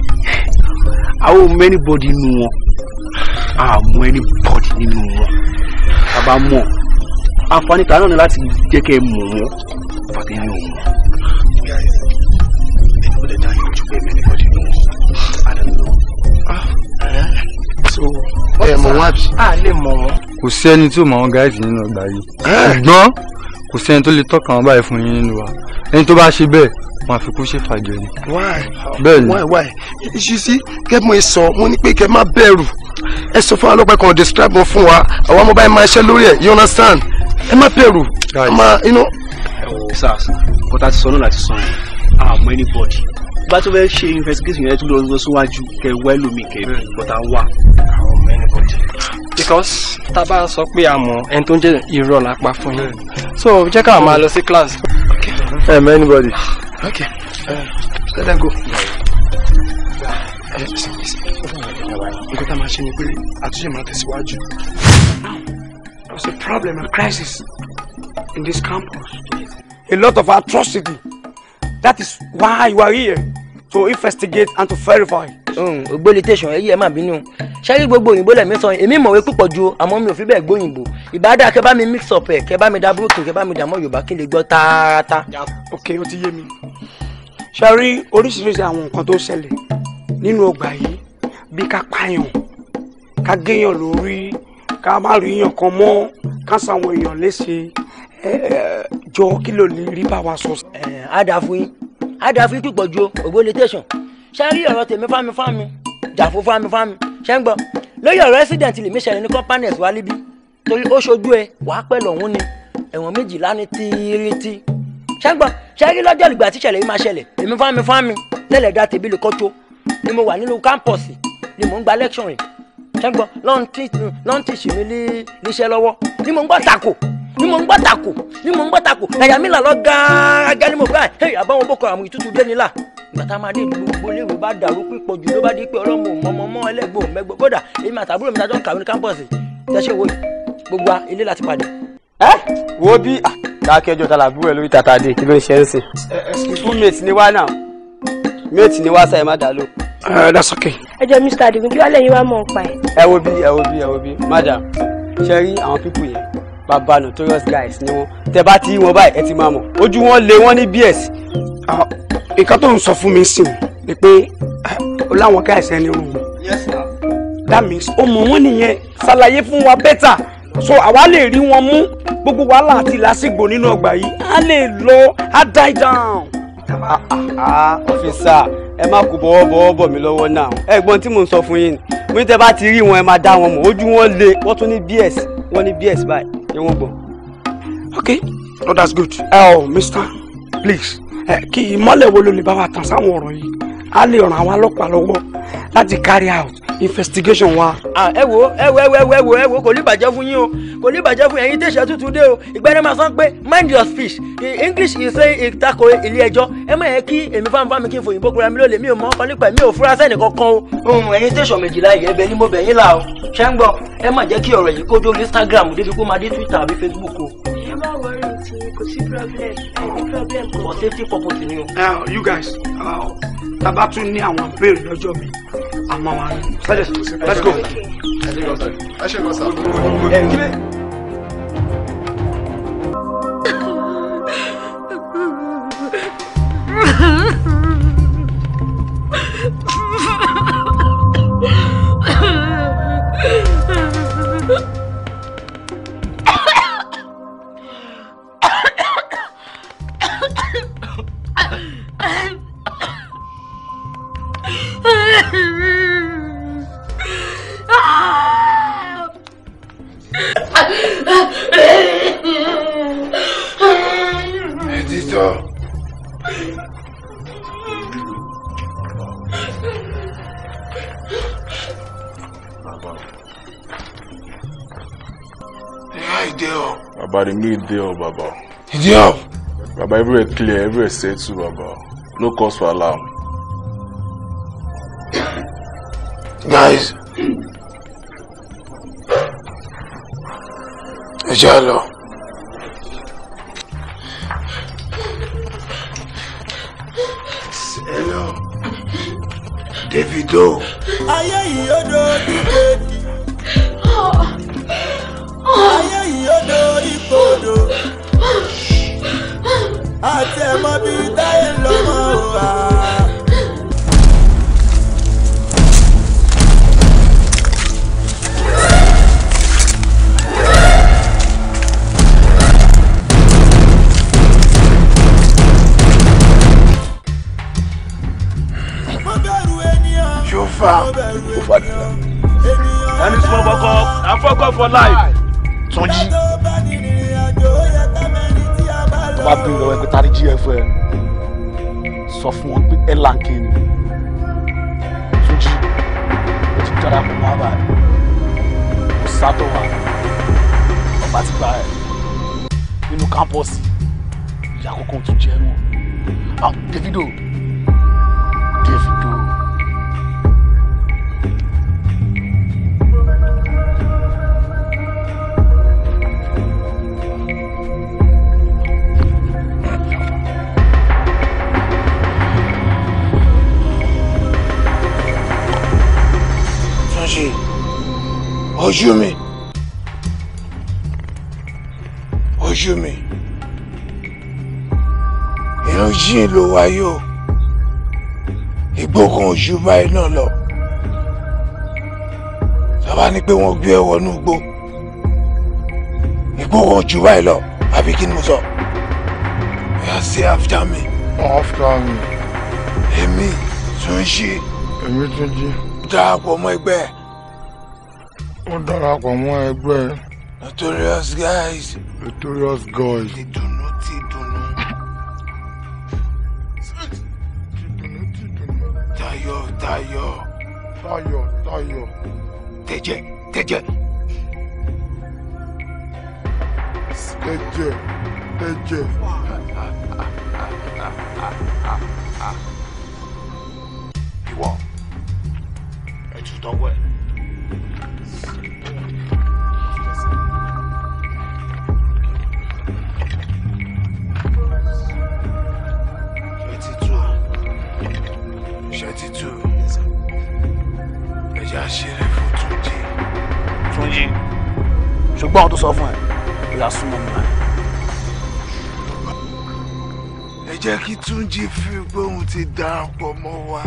S9: àwọn mọ anybody nínú wọn àmọ anybody nínú wọn bàbá mọ àǹfààní kan náà ni láti jẹ́ kẹ́ ẹ mọ̀ wọn pàtẹ́yìn òun.
S4: guys
S7: ìdílé dáhùn ojú pé mẹ́rin bọ́dí nù wọn. mọ̀ wọ́n àbí. a lè mọ̀ wọ́n.
S1: kò sí ẹni tí ò mọ àwọn gáàsì nínú ọgbà yìí ṣùgbọ́n kò sí ẹni tó lè tọ́ka wọn báyìí fún yín nínú wa ẹni tó bá ṣe bẹ́ẹ̀ wọn àfi ṣe fàjọ ni. bẹ́ẹ̀ ni wáì wáì ṣí sí kẹ́ẹ́ mo mo ní pé
S8: kẹ́ẹ́ má bẹ̀rù ẹ sọ fún alọ́pàá kan describe wọn fún wa àwọn ọmọ báyìí máa ṣe lórí ẹ̀ you understand
S9: ẹ má bẹ̀rù ẹ má inú. ẹ wò sars kó tá a ti sọ náà láti sọ yẹn àmọ́ anybody bá tó fẹ́ ṣe investigation yẹn tó lọ síwájú kẹ wẹ́lómi kẹ bọ́tà
S5: wà because tá a bá sọ pé a mọ ẹni tó ń jẹ irọ́
S8: la pa fún yín so jẹ́ ká máa lọ sí class. okay um, anybody. okay uh, let them go. ẹ sinmi sinmi
S7: nǹkan tá a máa ṣe ni pé àtúnṣe máa tẹ̀síwájú. there was a problem a crisis in this campus. a lot of atrocity that is why you are here to investigate and to verify. ògbólitẹ̀sán mm, ẹ̀yí ẹ̀ máa bínú ṣẹ́rí gbogbo òyìnbó lẹ̀mí sọ èmi mọ̀wé púpọ̀ ju àmọ́ mi ò fi bẹ́ẹ̀ gbóyìnbó ìbádà kẹ bá mi mix up ẹ̀ kẹ bá mi da broken kẹ bá mi dààmú yorùbá kí n lè gbọ́ tààràtà. ok ó ti yé mi ṣẹ́rí oríṣiríṣi àwọn nǹkan tó ṣẹlẹ̀ nínú ọgbà yìí bí ká pààyàn ká géèyàn lórí ká má rí èèyàn kan mọ́ ká sàwọn èèyàn léṣe jọ kí ló lè rí bá wa sọ. á dà fún yín á dà fún yín púpọ̀ ju ògbóni tẹ̀sán ṣáà rí ọ̀rọ̀ tèmi fámi fámi jàfó fámi fámi ṣe ń gbọ́ lórí ọ̀rọ̀ resident lèmi ṣẹlẹ̀ ní companers wa níbí torí ó ṣojú ẹ wàá pẹ́ lọ́hún ni ẹ̀wọ̀n méjìlá ní tíírítí ṣe ń gbọ́ ṣe rí lọ́jọ́ ìgbà tí ìṣẹ̀lẹ̀ yìí máa ṣẹlẹ̀ èmi fámi fámi tẹ́lẹ̀ dá tèmi lè kọ́tó ni mo wà nínú kámpọ̀sì ni mò ń gba lẹ́kṣọ̀n rìn ṣe ń gbọ́ lọ́ntì sì mi níṣẹ́ lọ́wọ́ ni mò ń gbọ́ tako ni mò ń gbọ́ tako ni mò ń gbọ́ tako ẹ̀yà mi là lọ gáágá ni mo gbà ẹ̀yà báwọn boko àmì ìtútù gbàtàmádé ìlú gbólérò bá dàrú pípọ̀ jù ló bá di pé ọlọ́mọ mọ́mọ́ mọ́ ẹlẹ́gbọ̀n mẹ́gbọ̀n kódà èmi àtàbúrò mi tajọ́ ń kàwé ní kámpọ̀sì tẹ́sẹ̀ wo gbogbo wa ilé láti padà. ẹ wo bí dákẹ́jọ́ ta
S9: làbúrò ẹ lórí tata dé kí ló ṣe ń sìn.
S7: school mate ni wá náà mate ni wá sáyẹn má dà ló. ẹ that's okay.
S6: ẹ jọ mr adigun kí wàá lẹ́yìn wá mọ̀ ọ́n pa ẹ.
S7: ẹ wo bí ẹ wo bí ẹ wo bí madam ṣe rí àwọn pípù yẹn notorious guys ni wọn tẹ bá ti wọn báyìí ẹ ti máa mọ̀ nǹkan tó ń sọ fún mi sìn ni pé láwọn ká ni rùn
S9: that means ó mọ wọn nìyẹn ṣàlàyé fún wa bẹ́tà so àwa lè rí wọn mú gbogbo wàhálà àti làásìgbò nínú ọgbà yìí á lè lọ á die down.
S7: ọ̀fíìsà ah, ah, ah, ẹ má kó bọ́wọ́ bọ́wọ́ bọ̀ mí lọ́wọ́ náà ẹ̀gbọ́n tí mò ń sọ fún yín mo ní tẹ́ bá ti rí wọn ẹ máa dá wọn mọ̀ ojú wọn le wọ́n tún ní bs wọ́n ní bs báyìí ẹ wọ́n gbọ́. okay no oh, that's good. Eh, oh, Mister, please kí ìmọ́lẹ̀ wo ló lè bá wa tàn sáwọn ọ̀rọ̀ yìí á lè ràn àwọn ọlọ́pàá lọ́wọ́ láti carry out investigation wa. ẹ wo ẹ wo ẹ wo ẹ wo ẹ wo ẹ wo kò ní bàjẹ́ fún yín o kò ní bàjẹ́ fún ẹ̀yin tẹ̀sán tuntun dé o ìgbẹ́ni máa sọ pé mind your speech english is say ìtakò ilé ẹjọ́ ẹ má yẹ kí èmi fáńfáń mi kí n fòyìnbó kúra mi lólè mi ò mọ ọkọ nípa mi ò fura sẹ́ni kankan o. Mm, ẹ̀yin tẹ̀sán méjìlá yìí ẹ̀bẹ̀ ni mo bẹ̀ yín là o ṣé ń gbọ́ ẹ má jẹ́ kí ọ̀rọ̀ yìí kójú instagram débi kó máa dé twitter àbí facebook o.
S6: ẹ má wọrí kò sí problem ẹni problem kò. for safety purpose ni o. you
S9: guys taba tún ní àwọn béèrè lọ́jọ́ mi àmọ́ àwọn let's go. ẹ ṣe gbọ́sà. ẹ ṣe gbọ́sà.
S1: Baba, the meal dey Baba. E dey up? Baba, everywhere clear, everywhere settle, Baba. No cause for alarm. Guys.
S3: Ẹ Hello. Davido.
S4: Ayé yìí ó dojú kejì bodò àti ẹ̀mọ́ bíi táyé lọ́mọ òwà.
S3: Shofa, Ufadila. That is Moboko. I'm fucked up for life. ló wáyé o ìgbókun oṣù báyìí náà lọ tọ́ba ní pé wọ́n gbé ẹ wọnú igbó ìgbókun oṣù báyìí lọ àbí kí ni mo sọ ẹ ṣe after me. after me. èmi tún ṣe. èmi tún jí. darapọ̀ mọ́ ẹgbẹ́.
S1: ó darapọ̀ mọ́ ẹgbẹ́. notorious guys. notorious guys.
S3: jẹ. ìwọ ẹ ti tọwọ́ ẹ. ṣùgbọ́n àwọn sọ fún ẹ ìyá súnmọ́ mi. jẹ́ kí Túnjí fi pé òun ti darapọ̀ mọ́ wa.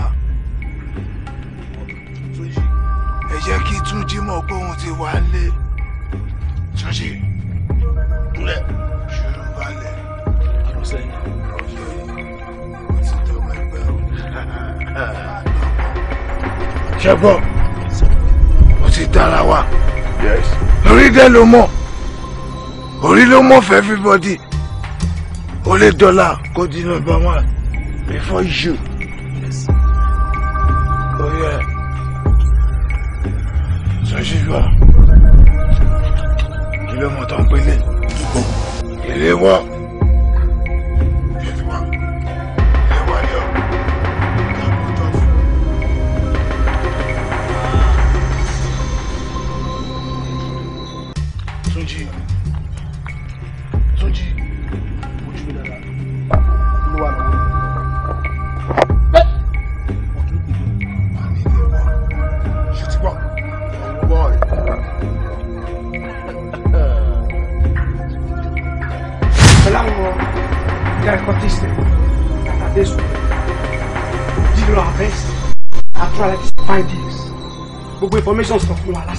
S3: ẹ jẹ́ kí Túnjí mọ̀ pé òun ti wálé. Túnjí kúlẹ̀ ṣòro balẹ̀. àròsẹ́ ni. ọ̀yọ́ yìí ó ti o. ti dára wa. orí dẹ́ ló mọ̀ orí ló mọ̀ for everybody. Only dollar go to number one before you.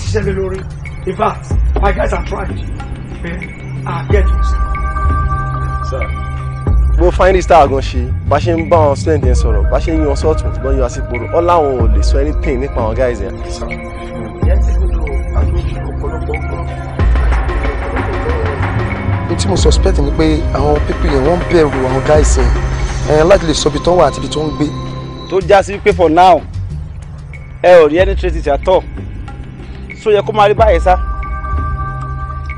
S7: ṣiṣẹ́ lé lórí in fact my guys are trying pé i get
S8: you sir. mo fáyín star gan ṣe bá ṣe ń bá wọn student yẹn sọ̀rọ̀ bá ṣe ń yan sọ́ọ̀tún ṣùgbọ́n yan àsìkò rò ọ́ láwọn ò lè sọ anything nípa àwọn guys yẹn. tí mo suspect ni pé àwọn people yẹn wọ́n bẹ̀rù àwọn guys yẹn eh, láti lè sọ ibi tó wà àti ibi tó
S9: ń gbé. tó já sí pé for now ẹ ò rí any traces at all so yẹ kó máa rí báyìí sá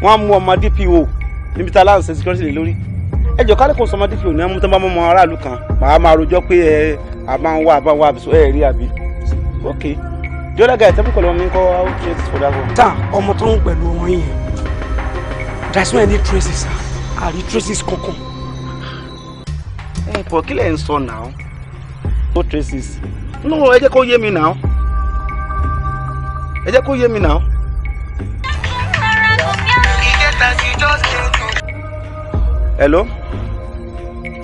S9: wọ́n á mú ọmọ DPO níbi tá a láǹsẹ̀ security lè lórí ẹ jọ kálí kò sọmọ DPO ní ẹmu tó bá mọ aráàlú kan màá máa rojọ́ pé ẹ àbáwọ́ àbáwọ́ àbísọ ẹ rí àbí ok the other guy tẹ́bùkọ̀ lọ́wọ́ mi ń kọ́ how trace for that one. tá ọmọ tó ń pẹ̀lú wọn yẹn that's why i need traces sir àrí traces kankan. ẹ bọ̀ kí lẹ̀ sọ náà no traces nínú ẹ jẹ́ kó yé mi náà ẹ jẹ́ kó yé mi náà. hello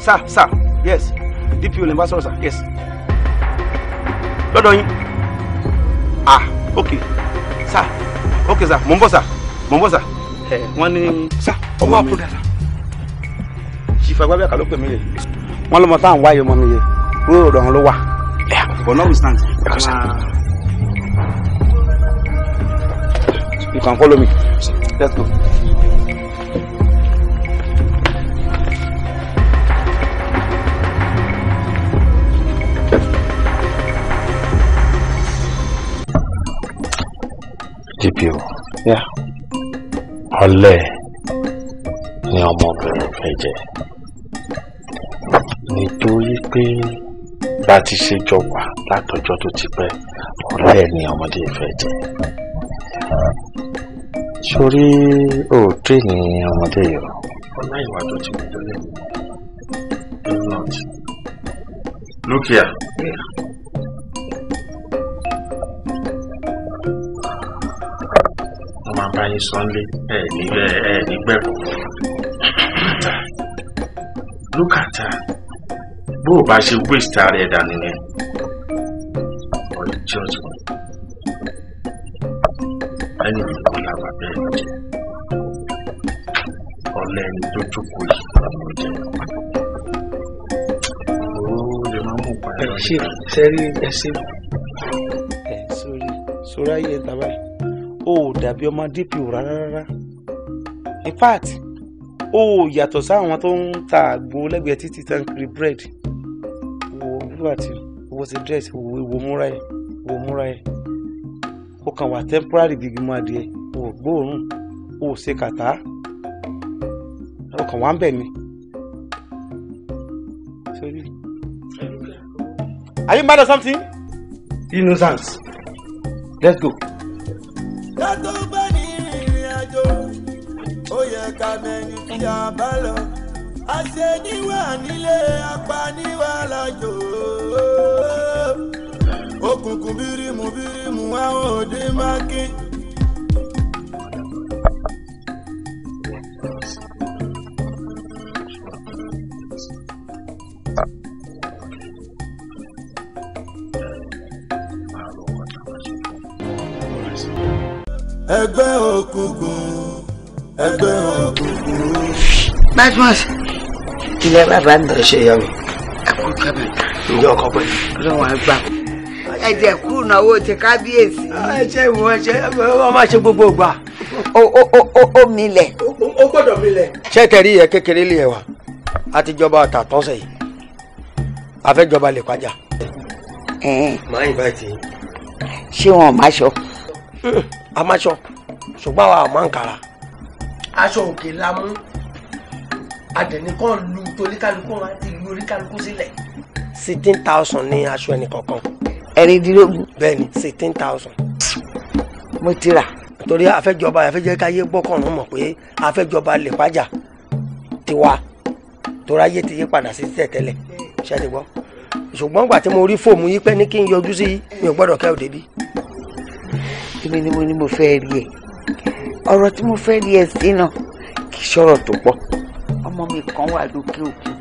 S9: sir sir yes dpo lè bá sọ̀rọ̀ sir yes lọ́dọ̀ yín ah ok sir ok sir mò ń bọ̀ sir mò ń bọ̀ sir ẹ wọ́n ní sir ọwọ́ àpòdà sir ìfagbá bí àkàlọ́ pè mí yẹ. wọ́n lọ́mọ táwọn wáyé ọmọ mi yẹ rúròdò ọ̀hún ló wà. ọ̀nà òsàn. You can follow me. Let's go.
S2: DPO. Yeah. Ọ̀lẹ ni ọmọbìnrin fẹ́ jẹ. Nítorí pé bá ti ṣe jọ wà látọjọ́ tó ti pẹ́, ọ̀lẹ ni ọmọdé fẹ́ jẹ sórí ò tí ní ọmọdé yìí o. ọ̀nà here. mo ẹ nígbẹ́ ẹ nígbẹ́ kù. look at her bó o bá ṣe waste ara ẹ̀ dànù yẹn. or judge ẹnì kan náà bá bẹ́ẹ̀ jẹ́ ọ̀lẹ ẹni tó jókòó yìí ló jẹ́ ó lè má mú
S9: ìpàdé ṣe sẹ́rí ẹsẹ̀. ẹ sórí sórí ayé ẹ tàbá yìí o ò dàbí ọmọ DPO rárá rárá in fact o ò yàtọ̀ sáwọn tó ń ta àgbo lẹ́gbẹ̀ẹ́ títí tá ń kiri bread wo bí wàá ti wo ti dress wo ìwo múra ẹ wo múra ẹ ó kàn wà temporary bíi gbímọ adìẹ o gbóòórùn o ṣe kàtá o kàn wá ń bẹ̀ ni. Are you mad or something? Innocence. Let's go.
S4: Tátó bá ní ìrìn àjò, ó yẹ ká mẹ́ni tí a bá lọ. Àṣẹ níwà nílé, apá níwà lájò òkùnkùn bírímù bírímù wá òde mákè.
S7: ẹgbẹ́ òkùnkùn ẹgbẹ́ òkùnkùn. Badmus ilé bàbá ń bẹ̀rẹ̀ ṣe yọ mi àkókò bẹ̀rẹ̀ ǹjẹ́
S10: ọkọ pẹ̀lú ọlọ́run àgbà ẹ̀jẹ̀ kú ìnáwó ti kábíyèsí. ẹ ṣe ìwọ ẹ ṣe
S7: ọ máa ṣe gbogbo ìgbà. ó milẹ̀. ó gbọ́dọ̀ milẹ̀. ṣẹ́kẹ̀rí yẹ kékeré lè wà àtijọba àtàtọ́sẹ̀ yìí àfẹ́jọba lè pàjá. máa yìnbá ti.
S10: ṣé wọn máa ṣọ.
S7: a máa ṣọ ṣùgbọ́n àwa àmọ́ nkàrà. aṣọ òkè la mú adẹnikan lu toríkàlùkù wọn àti lu oríkàlùkù sílẹ̀. sixteen thousand ní aṣọ ẹnì kọ̀ọ̀kan. ẹ̀rìndínlógún. bẹ́ẹ̀ni sixteen thousand. mo ti rà. torí afẹ́jọba afẹ́jẹ́ káyé gbọ́kànrún mọ̀ pé afẹ́jọba lè pàjà tiwa torí ayé ti yí padà sí tẹ̀tẹ̀lẹ̀ ṣe ti gbọ́. ṣùgbọ́n gbà tí mo rí fóòmù yí pẹ́ ní kí n yọjú sí mi ò gbọ́dọ̀ kẹ́ ni
S10: mo ní mo fẹ́ rí tí mo fẹ́ rí ẹ sí náà kì í ṣọ̀rọ̀ ọmọ mi kan wà lókè òkun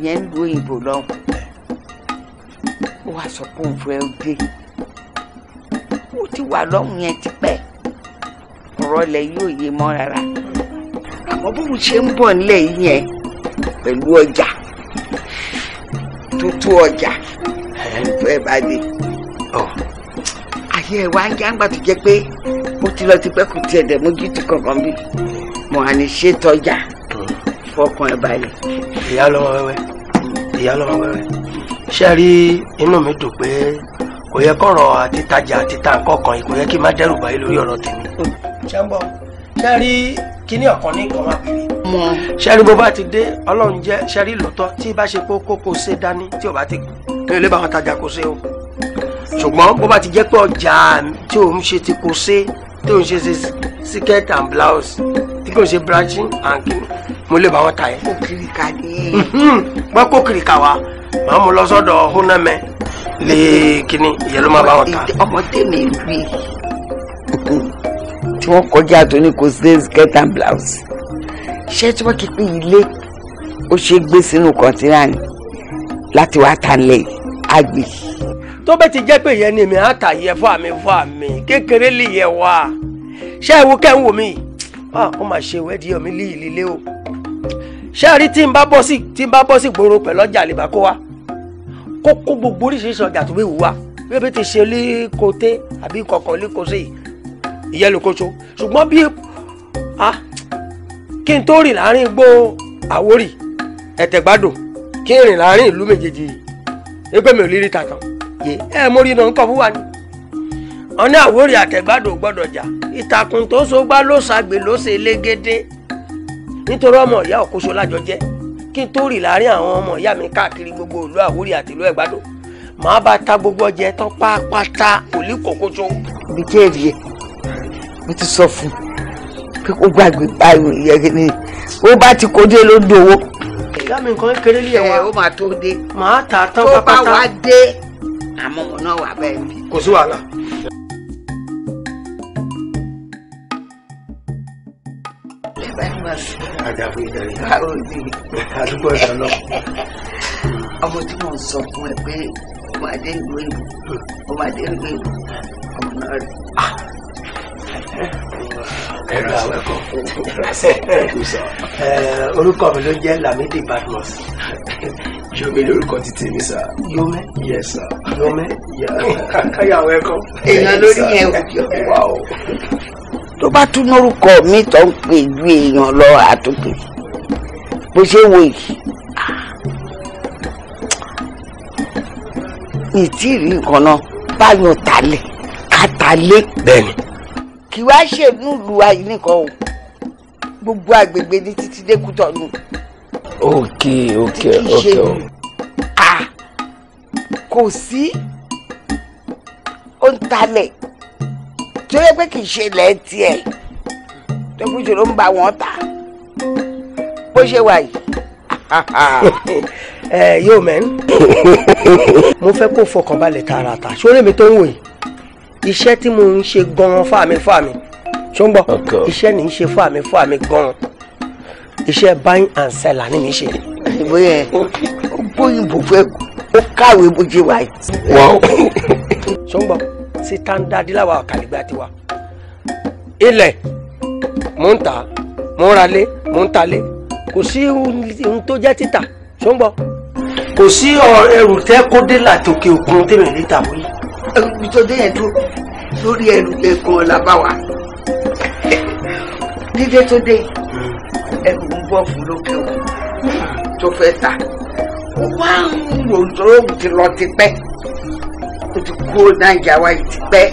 S10: ìyẹn ń ó wá sọ pé òun fẹ́ dé ó ti wà lọ́hùn yẹn tipẹ́ ọ̀rọ̀ lẹ yóò yé mọ́ rárá àmọ́ bóun ṣe ń bọ̀ nílẹ̀ yẹn pẹ̀lú ọjà tuntun ọjà fẹ́ bá dé ayé ẹ̀ wá ń jẹ́ àgbà tó jẹ́ pé ó ti lọ tipẹ́ kò tiẹ̀ dẹ̀ mójútó kankan bí mo à ní ṣe hmm.
S7: fọkàn ẹ̀ balẹ̀. ìyá lọ́wọ́ wẹ́wẹ́ ìyá lọ́wọ́ wẹ́wẹ́ ṣe rí inú mi dùn pé kò yẹ kọ̀rọ̀ àtitájà àtitá nǹkan kan yìí kò yẹ kí n má dẹ́rù báyìí lórí ọ̀rọ̀ tèmi. ṣé ń bọ̀ ṣe rí kíní ọ̀kan ní nǹkan máa bèrè. ṣe rí bó bá ti dé ọlọ́run jẹ́ ṣe rí lóòótọ́ tí bá ṣe pé kókó ṣe dání tí ò bá ti kí ilé bá wọn tajà kó ṣe o. ṣùgbọ́n bó bá ti jẹ́ pé ọjà tí òun ṣe ti kó ṣe tí òun ṣe ṣe skirt and blouse tí kò ṣe branching and kini mo lè bá wọn ta yẹ. kókiri ka ni. gbọ́ kókiri ka wa màá mo lọ sọ́dọ̀ hónámẹ́ lè kini ìyẹn ló máa bá wọn ta.
S10: ọmọ tèmi rí tí wọ́n kọjá tó ní kò stays skirt blouse ṣé tí wọ́n
S7: ti pín ilé ó ṣe gbé sínú kọ̀ǹtínà ni láti wá ta lẹ̀ àgbè. tó bẹ́ẹ̀ ti jẹ́ pé ìyẹn ni mi á tà yẹ fún àmì fún àmì kékeré lè yẹ wá ṣé ẹ wo kẹ́ ń wò mí yìí ah ó máa ṣe ìwẹ́dí ọ̀mí lé ìlílé o ṣé àrí tí n bá bọ́ sí tí n bá bọ́ sí gbòòrò pẹ̀lú ọjà àlèbá kó wa kó kó gbogbo oríṣiríṣi ọjà tó bí wù wá bí ebi ti ṣe lékoté àbí kọ̀ọ̀kan lékosé ìyẹn ṣùgbọ́n bí ah kí n tó rìn láàrin igbó àwórì ẹ̀tẹ̀gbádùn kí n rìn láàrin ìlú méjèèjì yìí ẹgbẹ́ mi ò lè rí tàtàn yé ẹ mórí náà ń kọ̀ fún wa ni wọn ní àwórì àtẹ̀gbádùn gbọ́dọ̀ jà ìtàkùn tó sọgbà ló ṣàgbè ló ṣe légédé nítorí ọmọ ìyá òkúṣọ lájọ jẹ́ kí n tó rì láàrin àwọn ọmọ ìyá mi káàkiri gbogbo ìlú àwórì àtìlú ẹ̀gbádùn màá bá ta gbogbo ọjà ẹ tán pátápátá kò ní kòkóso. ibi tí èrì ẹ
S10: mo ti sọ fún un pé kó gbàgbé báyìí ìyẹn ni ó bá ti kọjú ẹ ló dòwó.
S7: ìyá mi nǹkan kéré lé ẹ ó máa tó dé. màá tà tán
S10: pátápátá àmọ́ wọn náà wà bẹ́ẹ̀ bí. kò sí wàhálà. àdàbò ìdarí. báwo ni. àdúgbò ẹ̀dá lọ. ọmọ tí mò ń sọ fún ẹ pé ọmọ adé ìlú èbù ọmọ adé ìlú èbù ọmọ náà rẹ.
S3: ẹ̀rọ àwọn ẹ̀kọ́
S7: orúkọ mi ló jẹ́ Lamidi Badmus. Yomi lórúkọ ti tèmi sá. Yomi. Yes sá. You Káyọ̀ welcome. Èèyàn lórí yẹn òjò.
S10: Tó bá tún lórúkọ mi tó ń pè ju èèyàn lọ àtúntò. Bó ṣe wo yìí. Ìtìrí nǹkan náà báyọ̀ tálẹ̀ kátàlẹ́. Bẹ́ẹ̀ni. Kì wá ṣèlú ìlú ayé nìkan o. Gbogbo àgbègbè ní títí dé Kútọ̀nù
S3: ok ok ok ah
S10: kò sí ó ń talẹ̀ tí ó yẹ pé kì í ṣe ilẹ̀ tiẹ̀ tó kú jù ló ń bá wọn ta
S7: bó ṣe wà yìí. ẹ yóò mẹ́rin mo fẹ́ kó fọkànbalẹ̀ tààràtà ṣóré mi tó ń wò yìí iṣẹ́ tí mo ń ṣe gan-an fáàmì fáàmì ṣó ń gbọ́ iṣẹ́ ní í ṣe fáàmì fáàmì gan-an iṣẹ́ buying and seller ni mi ṣe. bóyá bóyìnbó fẹ́ ó kàwé bó ṣe wáyé. wọ́n. sọ́ngbọ̀n sí tàǹdàdìláwà ọ̀kàlìgbà tiwa ilẹ̀ mò ń tà mò ń ralé mò ń talé kò sí ohun tó jẹ́ títà sọ́ngbọ̀n. kò sí ẹrù tẹ́ kó dé látòkè òkun tèmi níta wí. ẹrù mi tó dé yẹn tó lórí ẹrù tẹ kó ọ
S10: lábá wa. dídé tó dé yìí ẹrù ń bọ̀ fún lókè òun tó fẹ́ ta ó wá ń rò nítorí òun ti lọ tipẹ́ ó ti kó náírà wá yìí tipẹ́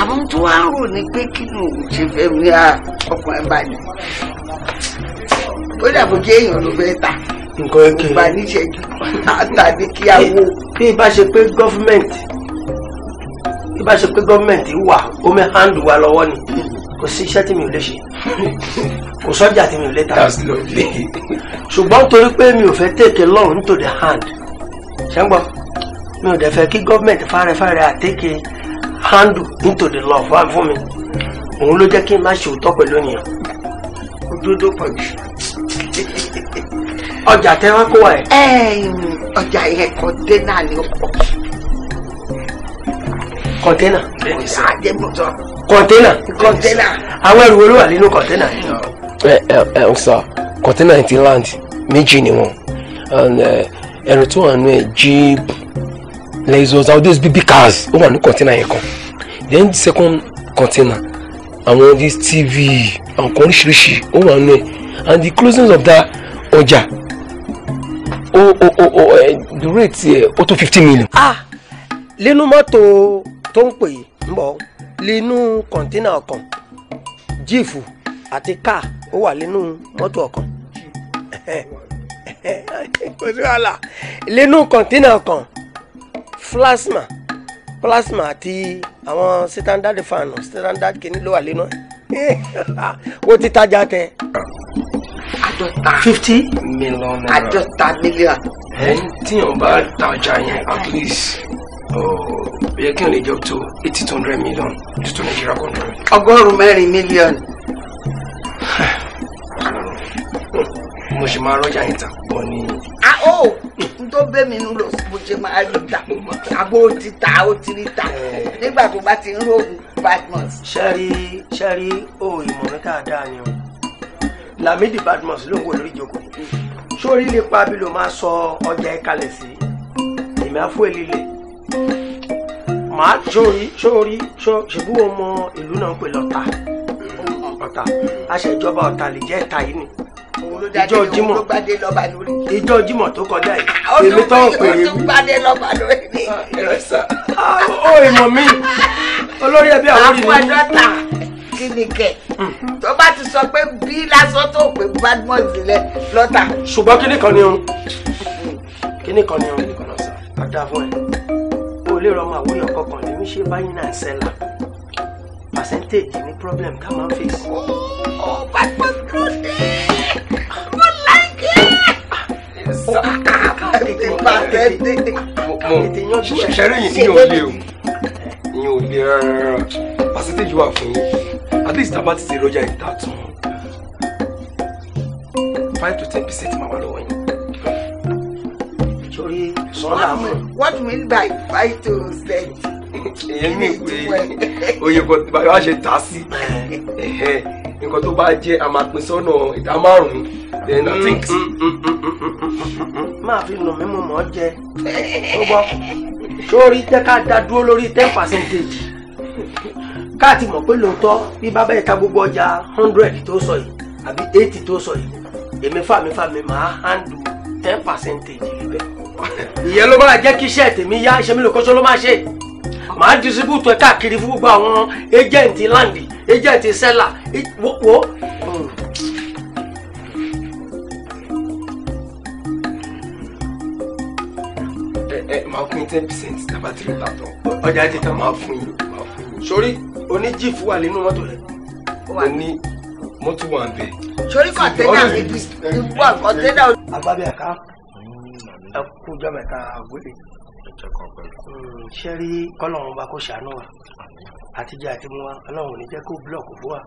S10: àmọ́ tó wá ń rò ní pé kí ni òun ṣe fẹ́ mi à ọkùnrin balẹ̀
S7: ó dàbò kí èèyàn ló fẹ́ ta nǹkan ẹ̀kẹ́ ìgbà níṣẹ́jú àtàdé kí a wo. bí ibà ṣe pé gọ́fíńmẹ̀ntì ibà ṣe pé gọ́fíńmẹ̀ntì wà omi hand wa lọ́wọ́ ni kò sí iṣẹ́ tí mi ò lè ṣe kò sọ́jà tí mi ò lè ta ṣùgbọ́n torí pé mi ò fẹ́ take law into the hand ṣé ń gbọ́ mi ò dẹ̀ fẹ́ kí gọ́ọ̀mẹ̀ntì fárẹ́fárẹ́ àtẹ́kẹ́ handle into the law wá fún mi òun ló jẹ́ kí n má ṣe òótọ́ pẹ̀lú ènìyàn òdodo pọ̀ jù ọjà tẹ wá kó wa
S10: ẹ. ọjà yẹn kọ́ńténà ni ó kọ́.
S7: kọ́ńténà. bẹ́ẹ̀ ni sá kọ̀ńténà kọ̀ńténà àwọn ẹrù olówà nínú kọ̀ńténà yìí. ẹ ẹ ẹ ń sọ kọ̀ńténà ti land méjì ni wọn ẹrù tí wọn nù ẹ jeep lexus all those big big cars ó wà ní kọ̀ńténà yẹn kan then second container àwọn this tv àwọn kan oríṣiríṣi ó wà nù ẹ and the closing of that ọjà ó ó ó ó ẹ the rate ẹ ó tó fifty million. ah lẹ́nu mọ́tò tó ń pè ń bọ̀ nínú kọ̀ńtínà ọ̀kan jíìfù àti káà ó wà nínú mọ́tò ọ̀kan (laughs) kò sí wàhálà nínú kọ̀ńtínà ọ̀kan plasma ati. àti àwọn standard fan standard kìíní ló wà nínú ẹ̀ (laughs) ó ti tajà tẹ. àádọ́ta fifty million naira àádọ́ta million. ẹ tí wọn bá tajà yẹn at least.
S3: yẹ kí n lè jọ tó eighty two hundred million two
S7: Nigeria country.
S10: ọgọ́rùn-ún mẹ́rin million
S7: (sighs) mo ṣe máa rọ́jà yín ta ní.
S10: a ah, ó oh, n tó bẹ́ mi nú lọ ṣe
S7: máa rí ta ta ó ti rí ta eh. nígbà ti ń rògùn Badmus. ṣẹ́rí ṣẹ́rí ìmọ̀ mi o Lamidi Badmus ló ń wò lórí ìjókòó sórí sọ ọjà sí màá sórí sórí ṣèbú ọmọ ìlú náà ń pè lọ́ta ọ̀tà àṣẹjọba ọ̀tà lè jẹ́ ẹ̀ta yìí ni ìjọ Jímọ̀ ìjọ Jímọ̀ tó kọjá yìí èmi tó ń pèrè mi ó ìmọ̀ mi olórí ẹbí àwọn orí
S10: mi kí ni kẹ̀ tó bá ti sọ pé bí lásán tó pé badmus
S7: lẹ lọ́tà. ṣùgbọ́n kí ni kan ni o kí ni kan o kí fún ẹ ò lè rọmọ àwòyàn kankan lèmi ṣe báyìí náà sẹ́là percentage ní problem tá a máa ń fèsì. ó pàpà dúró dé
S10: mo láìké. tètè bá tètè
S7: tètè yanjú ẹ. ṣẹ̀ṣẹ̀ rẹ̀ yìí ní òde o ní òde rárá percentage wà fún yín at least tá a bá ti ṣe lọ́jà ìta tún
S8: five to ten percent máa wà lọ́wọ́ yín what
S10: mean by five to set.
S8: èmi
S10: pé
S8: oye kan tí bàbá ṣe tà sí nǹkan tó bá jẹ́ a máa pín sọ́nà ìdá márùn-ún then i think.
S7: máa fi nù mí mo mọ̀ ọ́ jẹ ó gbọ́ sórí jẹ́ ká dá dúró lórí ten percentage káàtì mọ̀ pé lóòótọ́ bí bàbá yìí ta gbogbo ọjà hundred tó sọ yìí àbí eighty tó sọ yìí èmi fàmífàmí máa handle ten percentage níbẹ̀ ìyẹn ló bára jẹ́ kí iṣẹ́ tèmi yá iṣẹ́ mi lò kọ́sọ́ ló máa ṣe màá distributor ẹ̀ káàkiri fún gbogbo àwọn agent land agent seller wo. ẹ ẹ máa fún ten percent tàbá tìrì tàtọ ọjà ti tán máa fún yín máa fún yín. sori oní jíìfù wà nínú mọ́tò rẹ̀ oní mọ́tò wà ń bẹ̀. sori kọ̀ǹtẹ́nà ibi wà kọ̀ǹtẹ́nà. agbábẹ́ àká ẹ kú jọ́mẹ̀ta àgbélé ṣe rí kọ́lọ́run bá kó ṣàánú wa àtijọ́ àti mú wa ọlọ́run ò ní jẹ́ kó búlọ̀kù bó wa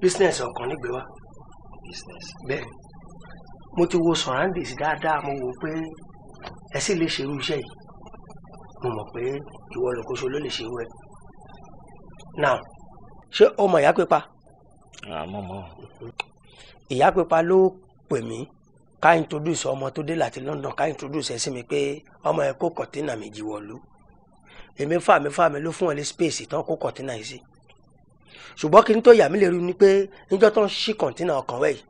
S7: business ọkàn nígbè wa bẹ́ẹ̀ mo ti wo surroundings dáadáa mo wò pé ẹ sì lè ṣerú iṣẹ́ yìí mo mọ̀ pé ìwọ lòkóso ló lè ṣerú ẹ now ṣé o mọ̀ ìyá pípa ìyá pípa ló pè mí ká introduce ọmọ tó dé láti London ká introduce ẹ sí mi pé ọmọ ẹ kó kọ̀tínà méjì wọ̀lú èmi fà mí fà mí ló fún ọ lé space tán kó kọ̀tínà yìí sí ṣùgbọ́n kí n tó yà mí lè rí ni pé níjọ́ tó ń ṣí kọ̀tínà ọkàn wẹ̀ yìí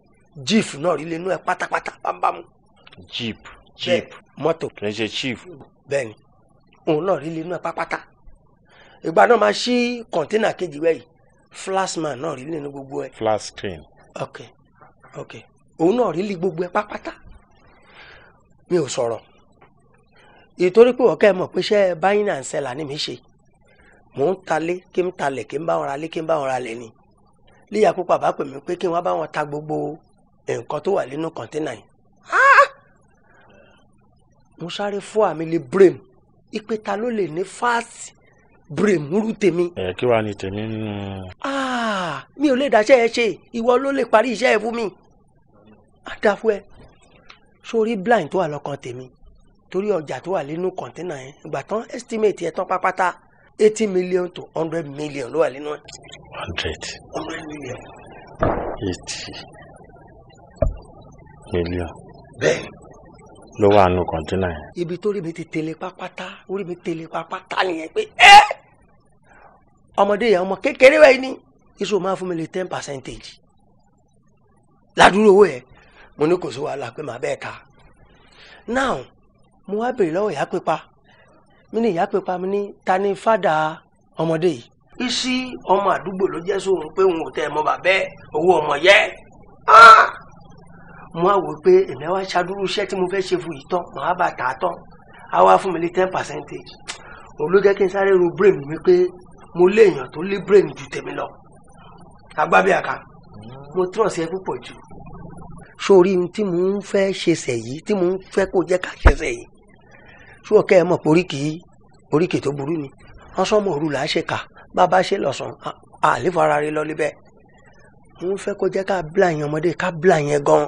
S7: jeep náà rí lẹ́nu ẹ pátápátá bámbámu. jeep jeep mọ́tò kì í ṣe chief. bẹ́ẹ̀ni òun náà rí lẹ́nu ẹ pátápátá ìgbà náà máa ṣí kọ̀tínà kejì wẹ̀ yìí flashman náà rí lẹ́nu gbogbo ẹ.
S2: flash screen.
S7: ok ok òun náà rí lí gbogbo ẹ pápátá mi ò sọ̀rọ̀ ìtorí pé ọ̀kẹ́ mọ̀ pé iṣẹ́ báyìí náà ń ṣẹlà ní mi ṣe mò ń talé kí n talẹ̀ kí n bá wọn ra lé kí n bá wọn ra lẹ̀ ni líyà púpà bá pè mí pé kí wọ́n bá wọn ta gbogbo nǹkan tó wà nínú kọ̀ńténà yìí mo sáré fún àmì lè brem ipe ta ló lè ní fáàsì
S2: brem rú tèmi. ẹ kí wàá ní tèmi nínú.
S7: mi ò lè dáṣẹ́ ẹ ṣe ìwọ ló lè parí iṣẹ́ ẹ fún mi á dá fún ẹ sórí blind tó wà lọ́kàn tèmi torí ọjà tó wà nínú kọ̀ńténà yẹn ìgbà tán estimate ẹ̀ tán pápátá eighty million to hundred million ló wà nínú ẹ̀.
S2: hundred hundred million. eighty million. bẹ́ẹ̀ ló wà nínú kọ̀ńténà yẹn.
S7: ibi tó rí mi ti tẹ̀lé pápátá orí mi tẹ̀lé pápátá nìyẹn pé ẹ́ ọmọdé yẹn ọmọ kékeré wáyé ni iṣu máa fún mi lè ten percentage ládùúrò owó yẹn mo ní kò sí wàhálà pé màá bẹ́ẹ̀ ka now mo wá bèrè lọ́wọ́ ìyá pípa mi ní ìyá pípa mi ní ta ni fádà ọmọdé yìí. isi ọmọ àdúgbò ló jẹ́ sóhun pé òun ò tẹ ẹ̀mọ́ bàbẹ́ owó ọmọ yẹ ah! mo á wò pé èmi á wá ṣàdúró iṣẹ́ tí mo fẹ́ ṣe fún ìtọ́ mo á bà tà á tán á wá fún mi ní ten percentage òun ló jẹ́ kí n sáré ro brain mi pé mo léèyàn tó lé brain ju tèmi lọ agbábíàká mo trust ẹ púpọ̀ jù sórí tí mò ń fẹ́ ṣe sẹ̀yí tí mò ń fẹ́ kó jẹ́ ká ṣe sẹ̀yí sóò kẹ́ ẹ mọ̀ poríkì oríkì tó burú ni wọ́n sọ mọ̀ òru là á ṣe kà bàbá ṣe lọ̀sán àlefara rẹ lọ níbẹ̀ mò ń fẹ́ kó jẹ́ ká bla yẹn ọmọdé ká bla yẹn gan.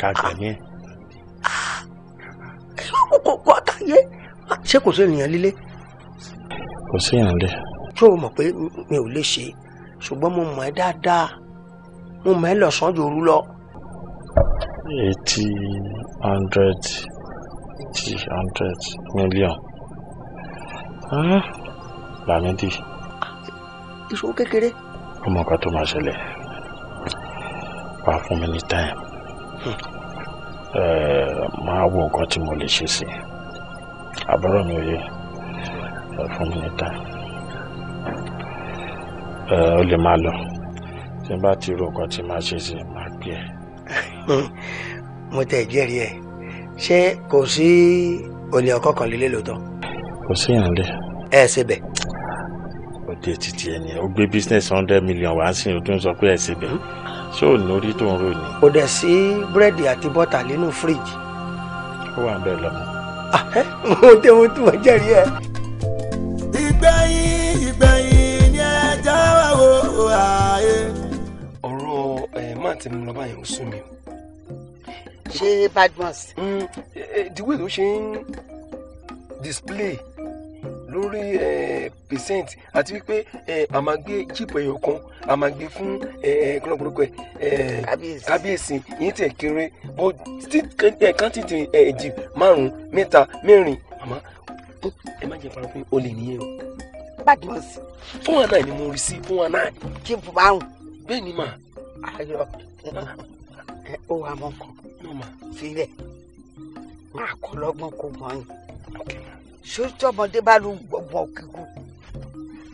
S7: ká gbẹ̀mí ẹ̀. ẹ̀rọ kókó kó àtàyè ṣé kò sí ènìyàn líle. kò sí ènìyàn lé. tó o mọ̀ pé mi ò lè ṣe ṣùgbọ́n mo mọ̀ ẹ́ dáadáa mo mọ̀ ẹ́ lọ́sàn-án jòru lọ.
S2: eighty hundred eighty hundred million Lámídì. ìṣòro kékeré. ó mọ nǹkan tó máa ṣẹlẹ̀ wàá fún mi ní time hmm. máa wo nǹkan tí mo lè ṣe sí i àbúrò mi ò yẹ fún mi ní time ó lè máa lọ tí n bá ti rò nǹkan tí màá ṣe sí màá pè ẹ́.
S7: E. (laughs) mo tẹ̀ jẹ́rìí ẹ̀ ṣé kò sí olè ọ̀kọ́kànlélẹ́ lóòótọ́.
S2: kò sí ìrànlẹ́. ẹ ṣe bẹ̀. ó títí ẹ nìyẹn gbé business hundred million wá sí ọdún sọ pé ẹ ṣe bẹ̀ ṣé ò ní orí tó ń rò ní.
S7: kò dẹ̀ sí búrẹ́dì àti bọ́tà nínú fíríjì. ó wà ń bẹ̀ lọ́mọ. Ah, (laughs) mo tẹ́ mo tún wọ́n jẹ́rìí ẹ̀.
S4: ìgbẹ́yìn
S8: tí mo lọ báyìí ó sún mi o. ṣé badmus. Hmm, eh, eh, the way ló ṣe ń display lórí
S7: eh, percent àti wípé a máa gbé chip ẹyọ kan a máa gbé fún kúlọ̀kúlọ̀kọ̀ kábíyèsí yìí tẹ̀ kéré but quantity èjì márùn-ún mẹ́ta mẹ́rin màmá ẹ má jẹ́ parapin olè nìyẹn o. badmus. four one nine ni mo rí sí four one nine. kí márùn. bẹ́ẹ̀ ni màá ayọ̀ ó wà mọ nǹkan filẹ̀
S10: máa kọ́ lọ́gbọ́n kó mọ̀ yín sọ́jọ́mọdé bá ló ń gbọ́gbọ́n kíkú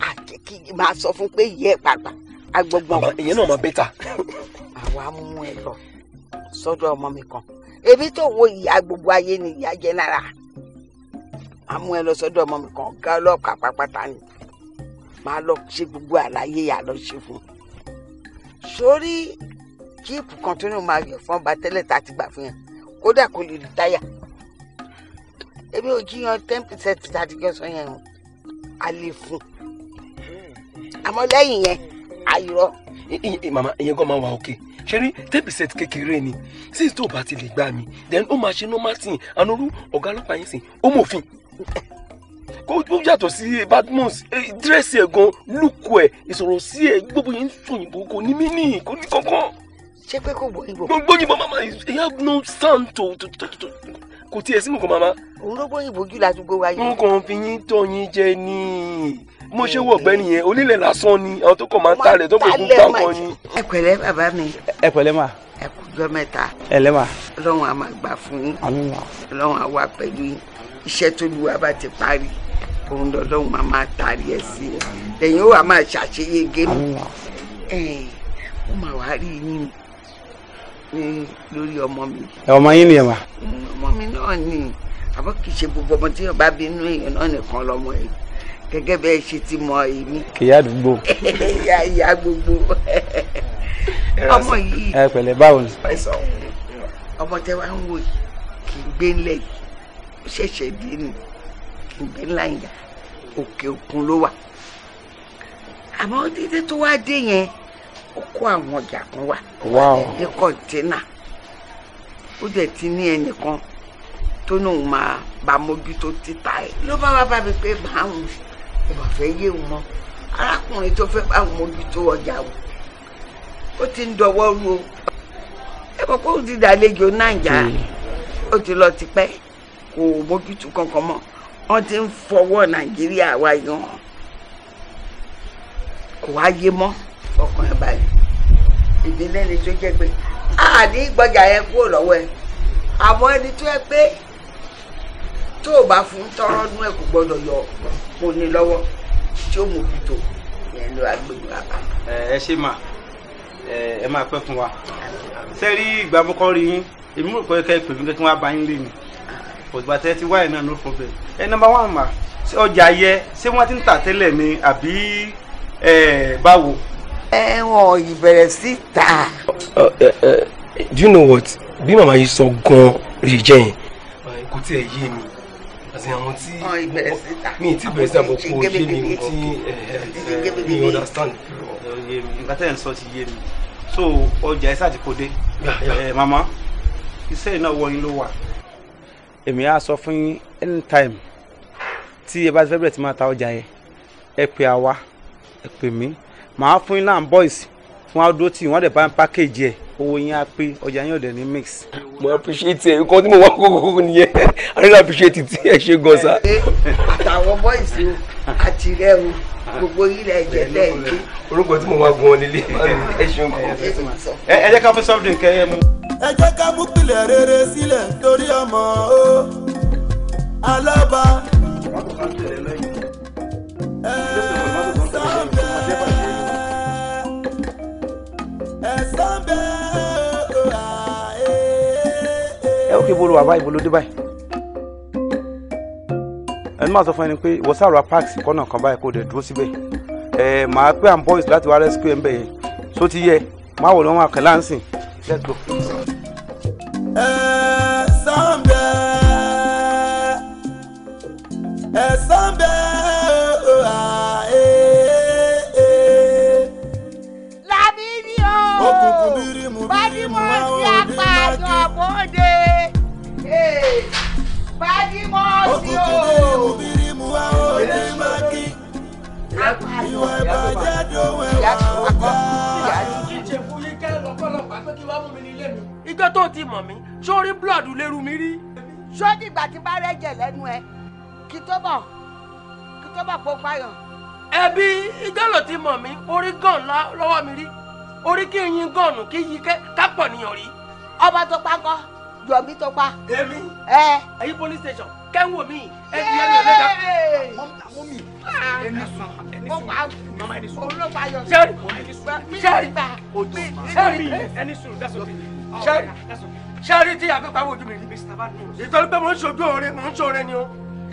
S10: àkíkí máa sọ fún pé yẹ pàpà agbọ́gbọ́n. ìyẹn náà mọ bẹ́tà. àwa mú ẹ lọ sọ́dọ̀ ọmọ mi kan ebi tó wo ìyá gbogbo ayé ni ìyá jẹ lára àmú ẹ lọ sọ́dọ̀ ọmọ mi kan ọ̀gá ọlọ́pàá pàpàtà ni màá lọ ṣe gbogbo àlàyé yà lọ ṣe fún un sórí jíìpù kan tó ní máa yọ fún ọba tẹ́lẹ̀ tá a ti gbà fún yẹn kódà kò lè lu táyà èmi ò jiyàn ten percent tá a ti jọ sọ yẹn o a
S7: lè fún àmọ́ lẹ́yìn yẹn àyùrọ. màmá ìyẹn gan máa wà òkè ṣe rí ten percent kékeré ni six tó bá ti lè gbà mí then ó máa ṣe normal
S9: thing ànúrú ọ̀gá ọlọ́pàá yẹn sìn ó mọ̀ òfin kó yàtọ̀ sí badmus eh, dírẹ́sì ẹ̀ gan lùkù ẹ̀ ìsọ̀rọ̀ sí ẹ̀ gbogbo yẹn ń sòyìnbó kò ní mí nìyí kò ní kankan.
S10: ṣé pé kò gbóyìnbó.
S9: gbóyìnbó mama you have no sound to to to to
S7: kò tiẹ̀ sí nǹkan mama. òun ló gbóyìnbó jù ládùúgbò wa yìí. n kàn fi yín tọ́ yín jẹ ni
S9: mo ṣe wọ ọ̀gbẹ́ni yẹn onílẹ̀ lásán ni àwọn tó kàn máa ń ta rẹ̀ tó kàn ń gbà ni.
S10: ẹ bàbá mi. ẹ ma. ẹ jọ mẹ́ta. ẹ ma.
S9: ọlọ́run a máa gbà fún yín.
S10: àmín a wà pẹ̀lú yín iṣẹ́ tó lu wa bá ti parí òun lọ́lọ́run máa máa taari ẹ̀ sí ẹ lẹ́yìn ó wà máa ṣàṣeyege nù ó máa wá rí yín lórí ọmọ mi.
S9: ọmọ yín nìyẹn wa.
S10: ọmọ mi náà ni àbọ̀ kì í ṣe gbogbo ọmọ tí yóò bá bínú èèyàn náà nìkan lọ́mọ ẹ̀ gẹ́gẹ́ bẹ́ẹ̀ ṣe ti mọ èmi. kìyà àdúgbò. ìyá (laughs) ìyá gbogbo ọmọ yìí. ẹ pẹ̀lẹ́ báwo ni. ọmọ tẹ wá ń wò yìí kì í gbé ńlẹ̀ yìí ṣẹ̀ṣẹ̀ dé ni ìgbẹ́ ńlá ìyá òkè òkun ló wà àmọ́ dídé tó wá dé yẹn ó kó àwọn ọjà kan wá ní kọ́ńténà ó dẹ̀ ti ní ẹnìkan tó náà máa bá mójútó títà ẹ̀ ló bá wá bá mi pé màá ń ìwà fẹ́ yé wọn mọ́ arákùnrin tó fẹ́ bá mójútó ọjà wò ó ti ń dọwọ́ ru o ẹ mọ̀ pé ó ti dàlejò náà jà hmm. ó ti lọ tipẹ́ kò bójútó kankan mọ́ wọ́n ti ń fọwọ́ nàìjíríà wa yan kò wá yé mọ́ ọkàn ẹ̀ báyìí ìdílé ni tó jẹ́ pé àní gbọ́jà yẹn kúrò lọ́wọ́ ẹ̀ àmọ́ ẹni tó ẹ pé tó o bá fún tọrọ nú ẹ kò gbọ́dọ̀ yọ mo ní lọ́wọ́
S9: tí ó mójútó yẹn ló agbègbè àbá. ẹ ṣe mà ẹ máa pẹ́ fún wa ṣé rí rí yín èmi mọ̀ pé kẹ́ ẹ pè mí kí wọ́n bá yín lé mi òtùbà tẹ ti wáyé náà no problem ẹ nọmba wà mà ọjà yẹ ṣé wọn ti ń tà tẹ́lẹ̀ ni àbí báwo. ẹ wọn ìbẹ̀rẹ̀ sí ta. do you know what
S8: bí màmá yìí sọ gan rèé jẹ́ yẹn
S7: kò tiẹ̀ yé mi àti àwọn tí mi ti bẹ̀rẹ̀ sí àbọ̀ yé mi tí eh,
S9: eh, eh, mi understand. nígbà tẹ́lẹ̀ ń sọ ti yé mi so ọjà ẹ̀ sáà ti kó dé màmá iṣẹ́ ìnáwó yín ló wà èmi á sọ fún yín anytime tí ẹ bá ti fẹ́ bẹ̀rẹ̀ tí máa ta ọjà yẹn ẹ pè àwa ẹ pè mí màá fún yín náà boys fún wa dúró tì wọ́n dẹ̀ bá ń package ẹ̀ owó yín á pé ọjà yín ò dẹ̀ ní mix. mo appreciate ẹ nǹkan tí mo wá kókó nìyẹn i really appreciate ti ẹ ṣe gan sa. àtàwọn boys o àti rẹ o gbogbo ilẹ̀ ẹ̀jẹ̀ lẹ́yìn. orúkọ tí mo wá gan-an nílé ẹ ṣeun kan. ẹ jẹ́ ká fún soft drink ẹ yẹ
S4: ẹ jẹ́ ká mú pilẹ̀ rere sílẹ̀ torí ọmọ o alọ́ba ẹ sọ́bẹ̀ ẹ sọ́bẹ̀
S9: o à ẹ. ẹ ó kí ibolo wà báyìí ibolo dé báyìí ẹni máa sọ fún ẹni pé wọ́sàrọ̀ parks kọ́nà kan báyìí kó o dẹ̀ dúró síbẹ̀ ẹ màá pé am boys láti wá rescue ẹ̀ ń bẹ̀ yẹn só ti yẹ máa wọ̀ ni wọ́n máa kàn
S4: let's go. ẹ̀san bẹ́ẹ̀ ẹ̀san bẹ́ẹ̀ ó hà ee.
S6: làbí ni
S4: o
S10: òkùnkùn bírímù bírímù máa ń wọ bí mákì. bọ́dé bájímọ́ sí o. òkùnkùn
S4: bírímù bírímù
S7: máa kí wàá mú mi ní ilé mi. ìjọ tó ti mọ̀ mí sórí blood lérú mi rí. sódì ìgbà tí bá rẹ́jẹ̀ lẹ́nu ẹ kí tó bọ̀ kí tó bọ̀ kó payọ̀. ẹbí ìjọ ló ti mọ̀ mí orí gan lọ́wọ́ mi rí orí kí n yin gọ́ọ̀nù kí yí kápọ̀ nìyàn rí. ọba tó pa kọ́ yọ̀mí tó pa. èmi ẹ̀yin police station kẹ́ńwò mi ẹ̀ ti yẹn lọ́dọ̀ ẹni sùn ẹni sùn mama ẹni sùn sẹ́ẹ̀rì sẹ́ẹ̀rì sẹ́ẹ̀rì ẹni sùn dasọ̀tì sẹ́ẹ̀rì sẹ́ẹ̀rì tí a fẹ́ pariwo ojú mi ni ìtọ́jú pé mo ń ṣojú ọ̀rẹ́ mo ń ṣoore ni o.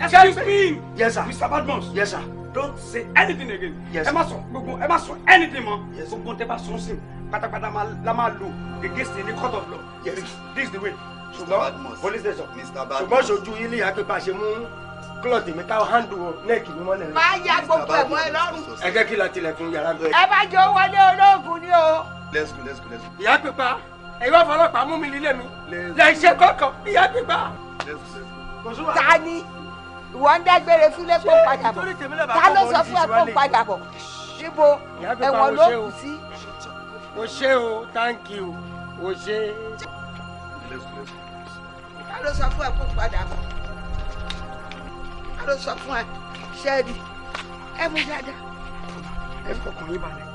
S7: excuse me yes sir mr badmus yes sir don't
S9: say anything again yes ẹ má sọ gbogbo ẹ má sọ anything mọ́ gbogbo tẹ bá sọ sí pátápátá la máa lò against any court of law yes this is the way ṣùgbọ́n police station
S7: ṣùgbọ́n ṣojú yín ní àgbẹ̀bá ṣe mú klọ̀tì mi ká hándù nẹ́ẹ̀kì mi mọ́lẹ̀. máa ya gbogbo ẹ̀mọ́ ẹ lọ́rùn. ẹ jẹ́ kí la tilẹ̀kùn yàrá gbẹ. ẹ bá
S10: jọ wọlé olóògùn ni o.
S7: let's go let's go let's go. ìyá pípa ẹ̀rọ ọ̀fọlọ́pàá mú mi lílé mi lè ṣe kọ́kọ́ ìyá pípa.
S10: ta ìwọ ń dágbére fúnlé kó padà bọ̀ ta ló sọ fún ẹ kó padà bọ̀ níbo ẹ̀wọ̀n ló kù
S8: sí. o ṣé o thank you o ṣé. ta ló sọ fún ẹ
S10: kó padà bọ̀ ló sọ fún ẹ ṣẹ́ẹ̀dì
S6: ẹ mú dáadáa.
S7: ẹ fọkàn yín balẹ̀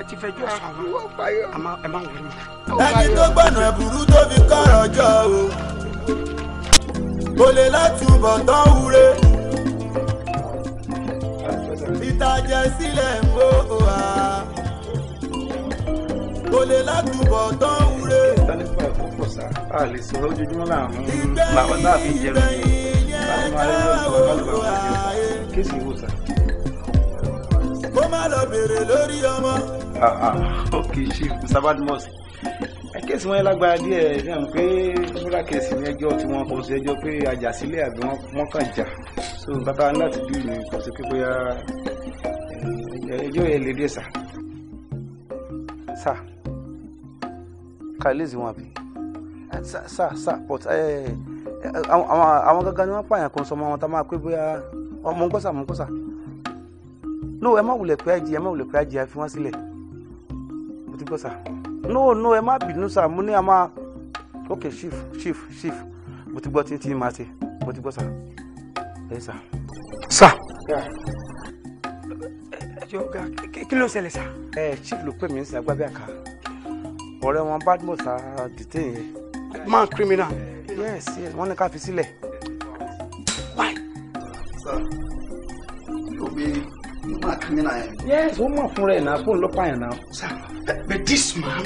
S7: ẹ ti fẹjọ́ sọ àwọn ẹ má
S4: wọlé mi. ẹni tó gbọ̀nà ẹ̀bùrú tó fi kọ́rọ̀ jọ o kò lè látúbọ̀ tán wúre ìtajà sílẹ̀ ń wa kò lè
S9: látúbọ̀ tán wúre. ìgbẹ́yìn ìgbẹ́yìn kó má lọ bèrè lórí ọmọ. ok chief Mr. Badmus kéèsì wọn lágbára díẹ̀ náà pé múra kéèsì ní ẹjọ́ tí wọ́n kọ sí ẹjọ́ pé àjàsílẹ̀ àbí wọ́n kàn jà so bàbá láti bí ìlú kọ sí pípé ẹjọ́ yẹn lè dé sà. sà kàlẹ́sì wọn àbí sà sà sà but ẹ. Uh, àwọn gangan ni wọ́n pààyàn kan sọmọ wọn tá máa pé bóyá ọmọ ń kọ́sà mọ́ no ẹ má wulẹ̀ pé àjì ẹ má wulẹ̀ pé àjì ẹ fi wọ́n sílẹ̀ mo ti kọ́sà no no ẹ má bínú sà mo ní a máa ok chief chief chief mo ti gbọ́ tí tí máa ṣe mo ti gbọ́ sà ẹ sà. sà ẹjọ ọgá kí ló ṣẹlẹ̀ sà. ẹ chief ló pè mí sí agbábíàká ọ̀rẹ́ wọn Badmus detain man criminal yes yes wọ́n ní ká fi sílẹ̀. why. sir yóò bí máa criminal yẹn. yes wọ́n mọ̀ fúnra ẹ̀ náà fóun ló pààyàn náà. sir but this man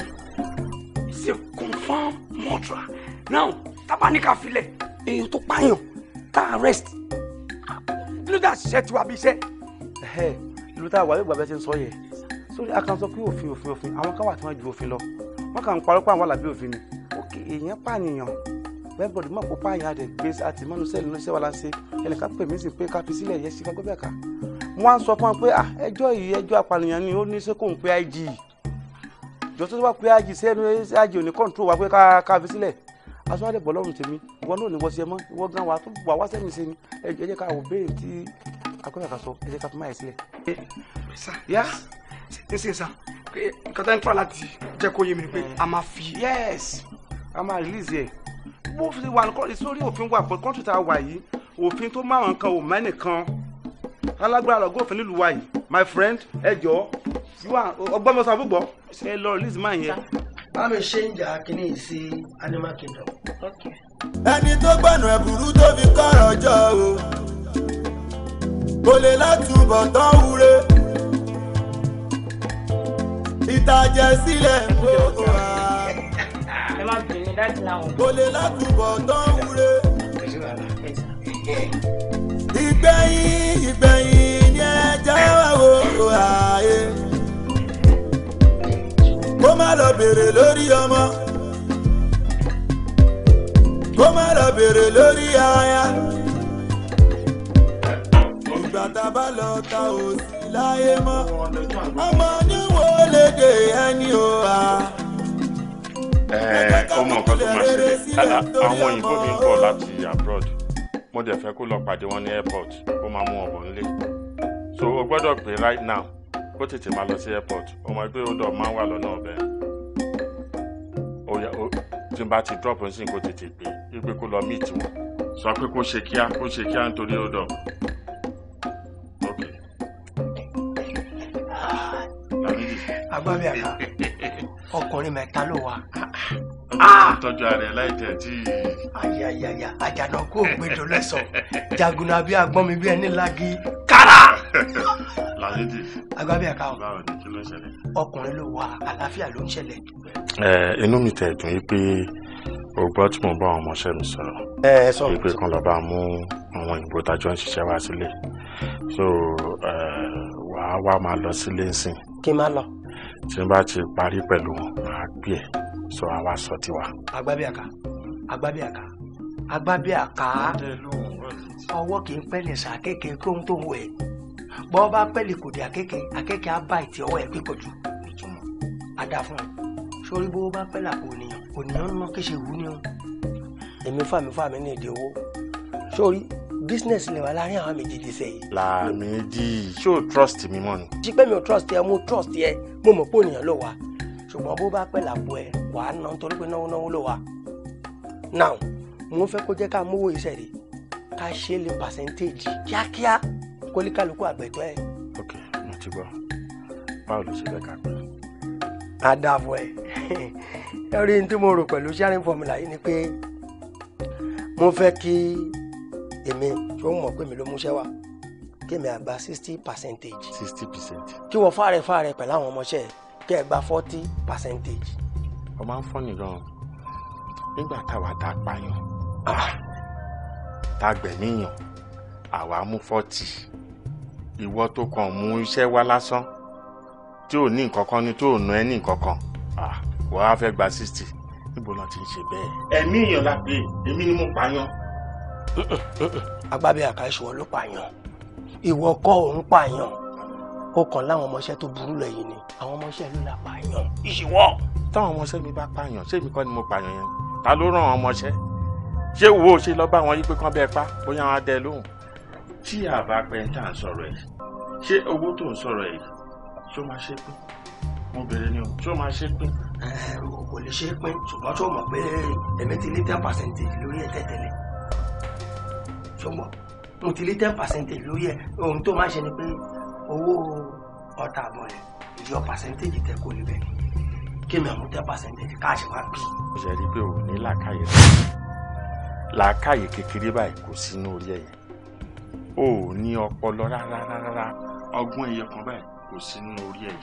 S9: is a confirmed murderer now tábánikà filẹ̀ èèyàn tó pààyàn tá arrest kí ló dé àṣìṣe tiwa bí iṣẹ́. ìlú tá a wà yóò gbà bẹ́ẹ̀ ti ń sọ yẹn sórí akanso pé òfin òfin òfin àwọn kan wà tí wọ́n ju òfin lọ wọ́n kàn ń parọ́ pé àwọn àlàbí òfin ni òkè èèyàn pànìyàn everybody mọ̀ kó páàyà rẹ̀ gbé àtìmọ́nu sẹ́ẹ̀lì ló ṣẹ́ wa la ṣe ẹnìkan pè mí sí pé ká fi sílẹ̀ yẹ sí kágbé bẹ́ẹ̀ ká mo wá ń sọ fún wa pé ẹjọ́ yìí ẹjọ́ apànìyàn ni ó ní ṣé kò ń pe IG jọ tó wá pe IG sẹ́nu IG ò ní control wa pé ká fi sílẹ̀ aṣọ àdìbò lọ́rùn tèmi ìwọ náà ní wọ́n ṣe mọ́ ìwọ gan wa tó wà wá sẹ́yìn ṣe ni ẹ jẹ́ ká wò béèrè tí akọ́yà kan sọ ẹ jẹ́ ká fi máa yẹ sílẹ̀. yá ṣe ṣe sá kọ́tà ń fà láti jẹ́ kó yé mi ni pé a máa fi. yes a máa release bó fi wà nǹkan sórí òfin wà fún kọ́ńtù tá a wà yìí òfin tó máa nǹkan ò mẹ́ nìkan alágbára lọ́gọ́fin nílùú wa yìí my friend ẹ jọ ọgbọ́n mi sọ fún gbọ́ ẹ lọ release máa yẹn. bá mi ṣe ń jà kínní sí animal kingdom. ẹni tó gbọ̀nà
S4: ẹ̀bùrú tó fi kọ́rọ̀ jọ o kò lè látúbọ̀ tán wúre ìtàjẹ̀ sílẹ̀ gbogbo wa ẹ má bèrè dájú làwọn. kò lè látúbọ̀ tán wúre. ìgbẹ̀yìn ìgbẹ̀yìn ni ẹ já wà wò ààyè. kó má lọ bèrè lórí ọmọ. kó má lọ bèrè lórí aya. ìgbà tá a bá lọ ta ò sí láyé mọ́. ọmọ níwò lédè ẹni ò hà
S2: ọmọ nǹkan tó máa ṣẹlẹ̀ àwọn òyìnbó mi ń bọ̀ láti abroad mo dẹ̀ fẹ́ kó lọ pàdé wọn ní airport ó máa mú ọ̀bọ̀ nílé so o gbọ́dọ̀ pé right now kó tètè máa lọ sí airport ó mọ̀ pé ó dọ̀ máa wà lọ́nà ọ̀bẹ tí n bá ti drop nsìn kó tètè pé kó lọ meet wọn sọ pé kó ṣe kíá kó ṣe kíá nítorí ó
S7: agbábíàká ọkùnrin mẹ́ta
S2: ló wà. Ah! tọ́jú ara ẹ̀ láì tẹ̀ tí. ayayaya àjànà kó o gbé jọ lẹ́sọ̀
S7: jagunna bí agbọ́n mi bí ẹni lági kára. làlejò. agbábí ẹ̀ka o. báwo ni kí ló ń ṣẹlẹ̀. ọkùnrin ló wà àlàáfíà ló ń ṣẹlẹ̀.
S2: inú mi tẹ̀ dùn yí pé o gbọ́ tí mo bá àwọn ọmọọṣẹ́ mi sọ̀rọ̀. ẹ ẹ sọ pé kan lọ bá mú àwọn òyìnbó tajọ ń ṣiṣẹ́ wá sílé so wàá wá máa lọ sílé nsìn. kí n máa lọ tí n bá ti parí pẹ̀lú wọn màá gbé ẹ̀ sọ àwa sọ tiwa.
S7: agbábíàká agbábíàká agbábíàká ọwọ́ kì í pẹ́lẹ̀ sá kékeré tó ń tó ń wẹ̀ bọ́ bá pẹ́lẹ̀ kò dé akéèké akéèké á bá ìtì ọwọ́ ẹ̀ pípọ̀ jù àdá fún un sórí bó bá pẹ́lẹ̀ àpò ònìyàn ònìyàn ń ná kéṣe wú ni o èmi fàmí ní èdè owó sórí business lè wà láàrin àwọn méjèèjì sẹ́yìn.
S2: làmìdí ṣé o trust mi mọ́ ni.
S7: jípẹ́ mi ò trust ẹ mo trust ẹ mo mọ̀ pé ònìyàn ló wà ṣùgbọ́n bó bá pẹ́ làpò ẹ wàá ná nítorí pé náwó náwó ló wà. now mo fẹ́ kó jẹ́ ká mówó iṣẹ́ rẹ̀ ká ṣe lè percentage kíákíá kólíkálukú àgbẹ̀tọ́ ẹ.
S2: ok mo ti gbọ́ báwo ló ṣe fẹ́ ká pẹ́.
S7: àdàbọ̀ ẹ̀ ẹ rí n tí mo rò pẹ̀lú sharing formula yìí ni pé mo fẹ́ kí èmi tó ń mọ̀ pé mi ló múṣẹ́ wá kémi àgbà sixty percentage.
S2: sixty percent.
S7: kí wọ́n fàárẹ̀ fàárẹ̀ pẹ̀lú àwọn ọmọọṣẹ́ kẹ́ ẹ gba forty percentage.
S2: ọ máa ń fọ́ nìkan nígbà táwa tá a pààyàn ah, tá a gbẹ̀míyàn àwa mú forty ìwọ tó kàn mú iṣẹ́ wá lásán tí ò ní nǹkan kan ni tó ò ná ẹ ní nǹkan kan ah, wàá fẹ́ gba sixty níbo náà ti ń ṣe bẹ́ẹ̀. ẹ̀mí èèyàn la pé èmi ni mo pààyàn agbábẹ́ àkàṣe ló ìwọ kọ́ òun pààyàn
S7: ó kàn láwọn ọmọọṣẹ́ tó
S2: burú lẹ́yìn ni àwọn ọmọọṣẹ́ ló la pààyàn ìṣìwọ́. táwọn ọmọọṣẹ́ mi bá pààyàn ṣé èmi kọ́ ni mo pààyàn yẹn ta ló ràn án ọmọọṣẹ́ ṣé wo ṣe lọ bá wọn yí pé kán bẹ́ẹ̀ pa bóyá wọn á dẹ lóhùn. tí àbá pẹ́ tá à ń sọ̀rọ̀ ẹ̀ ṣé owó tó ń sọ̀rọ̀ ẹ̀ ṣó máa ṣe pín mo bèrè ni o ṣó máa ṣe pín.
S7: kò lè ṣe pín ṣùgbọ́n tó mọ̀ pé èmi ti ní ten percent lórí ẹ̀ tẹ́tẹ̀lẹ̀ ṣùgbọ́n mo ti lé ten percentage lórí ẹ̀ ohun tó máa ṣe ni pé owó
S2: ọ̀tá àbọ̀ rẹ̀ yọ percentage tẹ kó níbẹ̀ kémi àwọn ten percentage káàṣì wá bí. ó ṣe rí i pé ò ní làákàyè làákàyè kékeré báyìí kò sínú orí ẹ̀yẹ ò ní ọpọlọ rárá rárá ọgbọ́n ẹ̀yẹ kan báyìí kò sínú orí ẹ̀yẹ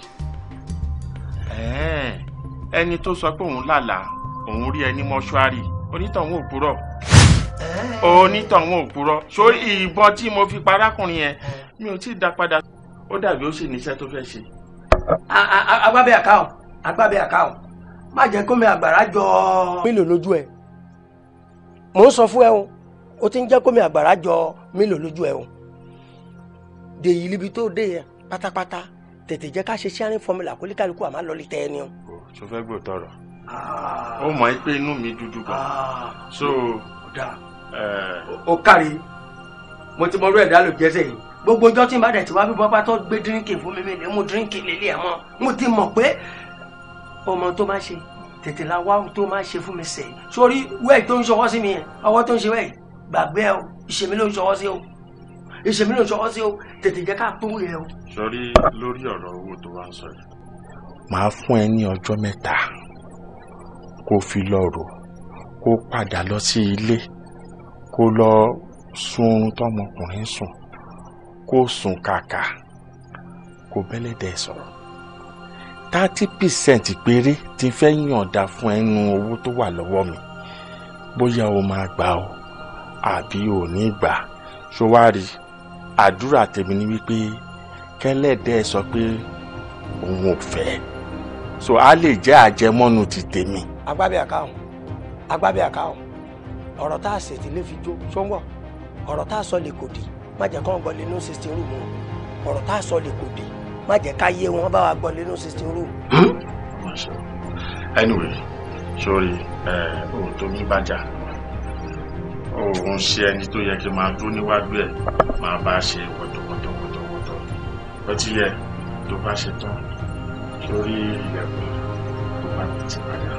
S2: ẹni tó sọ pé òun lálàá òun rí ẹni mọ́ṣúárì onítọ̀hún òpùrọ̀ onítọ̀hún òpùrọ̀ sórí ìbọn tí mo fi parákùnrin yẹn mi ò tí ì dá padà ó dàbí ó sì níṣẹ́ tó fẹ́ ṣe. agbábẹ́ àkáhùn agbábẹ́ àkáhùn má
S7: jẹ́ kó mi àgbàrá jọ. mélòó lójú ẹ mò ń sọ fún ẹ o ó ti ń jẹ́ kó mi àgbàrá jọ mélòó lójú ẹ o dèyí libi tó dé yẹ pátápátá tètè jẹ́ ká ṣe sharing formula kó líkàlùkù àmà lọ́ọ́ lè tẹ́ ẹ ni o.
S2: ṣo fẹ́ gbòòtọ̀ rọ̀ ah. ó mọ̀ ẹ́ pé inú mi dúdú kan ah. so
S7: ó kárí mo ti mọ orú ẹ̀dá lò jẹ́sẹ̀ yìí gbogbo ọjọ́ tí n bá dẹ̀ ti wá bí bọ́pá tó gbé dírínkì fún mi mi lè mú dírínkì lélẹ̀ àmọ́ mo ti mọ̀ pé ọmọ tó máa ṣe tètè la wá tó máa ṣe fún mi sẹ̀ sórí wẹ́ẹ̀ tó ń ṣọwọ́ sí mi yẹn ọwọ́ tó ń ṣe wẹ́ẹ̀ gbàgbé ẹ o ìṣèmí ló ń ṣọwọ́ sí o ìṣèmí ló ń ṣọwọ́ sí o tètè jẹ́ ká pín yẹ o.
S2: sọrí lórí ọ̀rọ̀ owó tó wá ń sọ yìí. màá fún ẹ ní ọjọ́ mẹ́ta kó fi lọ kó padà lọ sí ilé kó lọ sun oorun tọmọkùnrin sùn kó sùn kàkà kó bẹ́lẹ́dẹ̀ sọ̀rọ̀ thirty percent péré ti fẹ́ yànda fún ẹnu owó tó wà lọ́wọ́ mi bóyá o máa gbà o àbí o ní gbà ṣó wá rí àdúrà tèmi ni wípé kẹ́lẹ́dẹ̀ sọ pé òun ò fẹ́ so a lè jẹ́ àjẹmọ́nu ti tèmi.
S7: agbábíàká ọ̀hún agbábíàká ọ̀hún ọ̀rọ̀ tá a ṣe ti lè fi jó ṣọ́wọ́ ọ̀rọ̀ tá a sọ lè kò dì má jẹ́ kán gbọ́ lẹ́nu sixteen room ọ̀rọ̀ tá a sọ lè kò dì má jẹ́ ká yé wọn bá wa gbọ́ lẹ́nu sixteen room.
S2: Hmm? anyway sorry òótọ́ mi bá jà òun ṣe ẹni tó yẹ kí n máa dún níwájú ẹ máa bá a ṣe wọ́tọ̀wọ́tọ̀wọ́tọ̀ ọtí yẹ tó bá ṣe tán sórí ilẹ̀kùn tó bá ti padà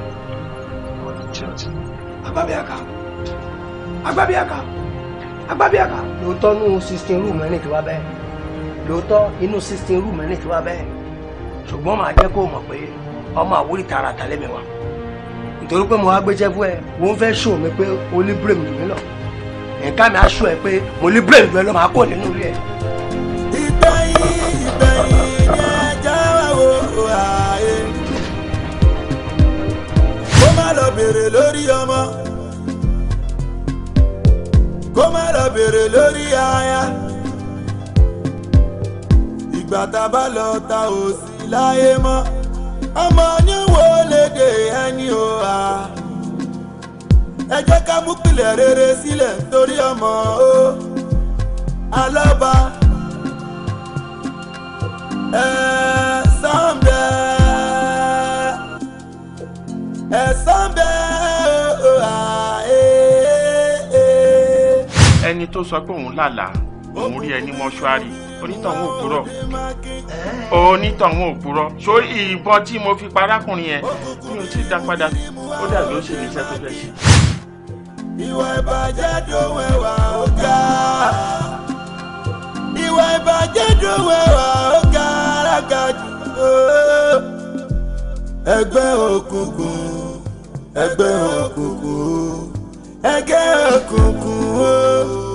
S2: wọ́n ti jẹ́ ọtí.
S7: bàbá mi agbábíàká agbábíàká lóòótọ́ nínú sixteen room ẹni tí wá bẹ́ẹ̀ lóòótọ́ inú sixteen room ẹni tí wá bẹ́ẹ̀ ṣùgbọ́n màá jẹ́ kó mọ̀ pé ọmọ àwórí tààrà tàlẹ́ mi wá nítorí pé mo wá gbé jẹ́fú ẹ wọ́n fẹ́ ṣò mí pé o ní bírèmù jù mí lọ nǹkan mi á ṣò ẹ pé mo ní bírèmù jù ẹ lọ màá kó nínú ilé ẹ.
S4: lórí ọmọ kó má lọ bèrè lórí aya ìgbà tá a bá lọ ta ò sí láyé mọ́ ọmọ oníwò lédè ẹni o à ẹ jẹ́ ká mú pilẹ̀ rere sílẹ̀ torí ọmọ o alọ́ba ẹ sọ́ńbẹ́ ẹ sọ́ńbẹ́.
S2: tó sọ pé òun lálàá òun rí ẹ ní onítọ̀hún òpùrọ̀ onítọ̀hún òpùrọ̀ sórí ìbọn tí mo fi parákùnrin yẹn mi ò tí ì dá padà ó dàbí ó ṣe ní iṣẹ́ tó fẹ́ ṣe.
S4: ìwà ìbàjẹ́ dòun ẹ̀wà ó ga ìwà ìbàjẹ́ dòun ẹ̀wà ó ga alága jù ẹgbẹ́ òkùnkùn ẹgbẹ́ òkùnkùn ẹgbẹ́ òkùnkùn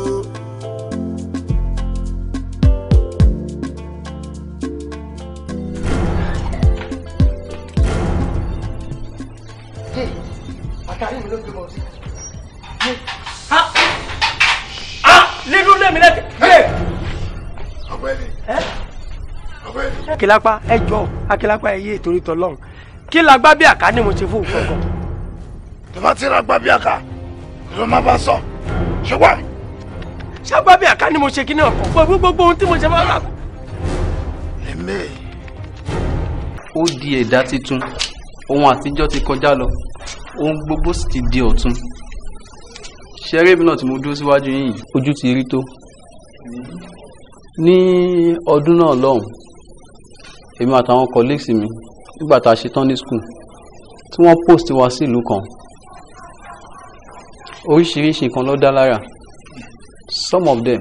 S7: mi lójú mọ̀ sí. lílú lèmi lẹ́kẹ̀. ọ̀gbẹ́ni. ọ̀gbẹ́ni. akilapa ẹ jọ akilapa ẹ yé torí tọlọ́run kí la gbá bí àká ni mo ti fún òkú ọkàn. tó bá ti ra gbá bí àká ló má bá sọ ṣùgbọ́n.
S8: ṣàgbá bí àká ni mo ṣe kíní ọkàn gbogbo gbogbo ohun tí mo ṣe máa rà.
S5: ẹ̀mí. ó di ẹ̀dá tuntun ohun àtijọ́ ti kọjá lọ ohun gbogbo sì ti di ọ̀tun ṣeré mi náà tí mo dúró síwájú yìí ojú ti rí tó ní ọdún náà lọ́hùn èmi àtàwọn colleagues mi nígbà tá a ṣe tán school tí wọ́n post wa sí ìlú kan oríṣiríṣi nǹkan ló dá lára some of them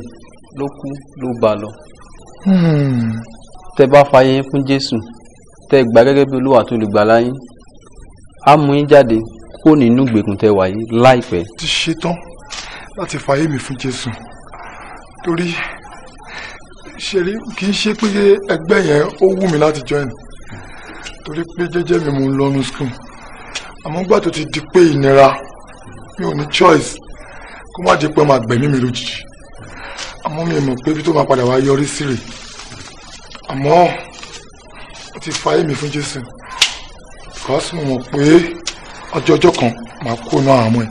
S5: ló kú ló bá lọ.
S1: Hmm.
S5: tẹ bá fàyè fún Jésù tẹ gbà gẹ́gẹ́ bí Olúwa tó lè gbà láyé á mú yín jáde kó nínú gbèkùn tẹ́ wáyé láìpẹ́.
S1: ti ṣetán láti fààyè mi fún Jésù torí ṣeré kì í ṣe pé ẹgbẹ́ yẹn ó wù mí láti join torí pé jẹ́jẹ́ mi mo ń lọ́nu school àmọ́ gbà tó ti di pé ìnira mi ò ní choice kó má di pé máa gbẹ̀mí mi lójijì àmọ́ mi mọ̀ pé ibi tó máa padà wá yọrí sí rè àmọ́ ó ti fa èmi fún Jésù kọ́sùn mọ̀ pé ọjọ́ ọjọ́ kan máa kó náà àmọ́ ẹ.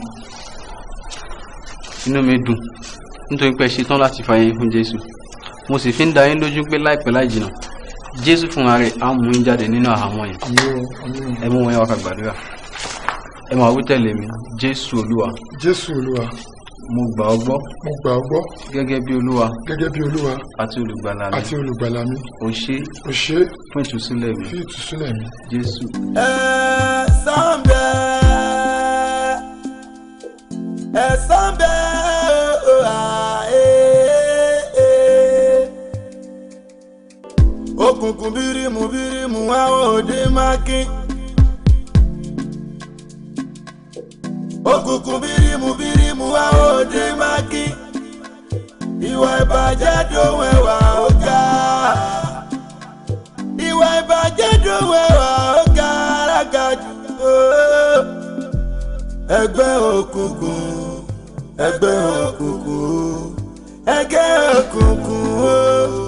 S5: inú mi dùn nítorí pé ṣetán láti fààyè fún jésù mo sì fi ń da lójú pé láìpẹ́ láì jìnnà jésù fúnra rẹ̀ á mú yín jáde nínú àhámọ́ yẹn ẹ mú wọn yẹn wá ká gbàdúrà ẹ máa wí tẹ̀lé mi jésù olúwa.
S1: jésù olúwa.
S5: mo gbà ọ gbọ́.
S1: mo gbà ọ gbọ́. gẹ́gẹ́ bí olúwa. gẹ́gẹ́ bí olúwa. àti olùgbàlà mi. àti olùgbàlà mi. o ṣé. o ṣé. fún ìtúsílẹ̀ mi. fún ìtúsílẹ̀ mi. jésù. ẹ sáǹdẹ̀
S4: ẹ̀san bẹ́ẹ̀ o ah, àyè. Eh, eh, eh. òkùnkùn bírímù bírímù àwọn òde mákì. òkùnkùn bírímù bírímù àwọn òde mákì. ìwà ìbàjẹ́ dòun ẹ̀wà ọ̀gá. ìwà ìbàjẹ́ dòun ẹ̀wà ọ̀gá alága jù. Oh, ẹgbẹ́ òkùnkùn ẹgbẹ́ òkùnkùn ẹgbẹ́ òkùnkùn o.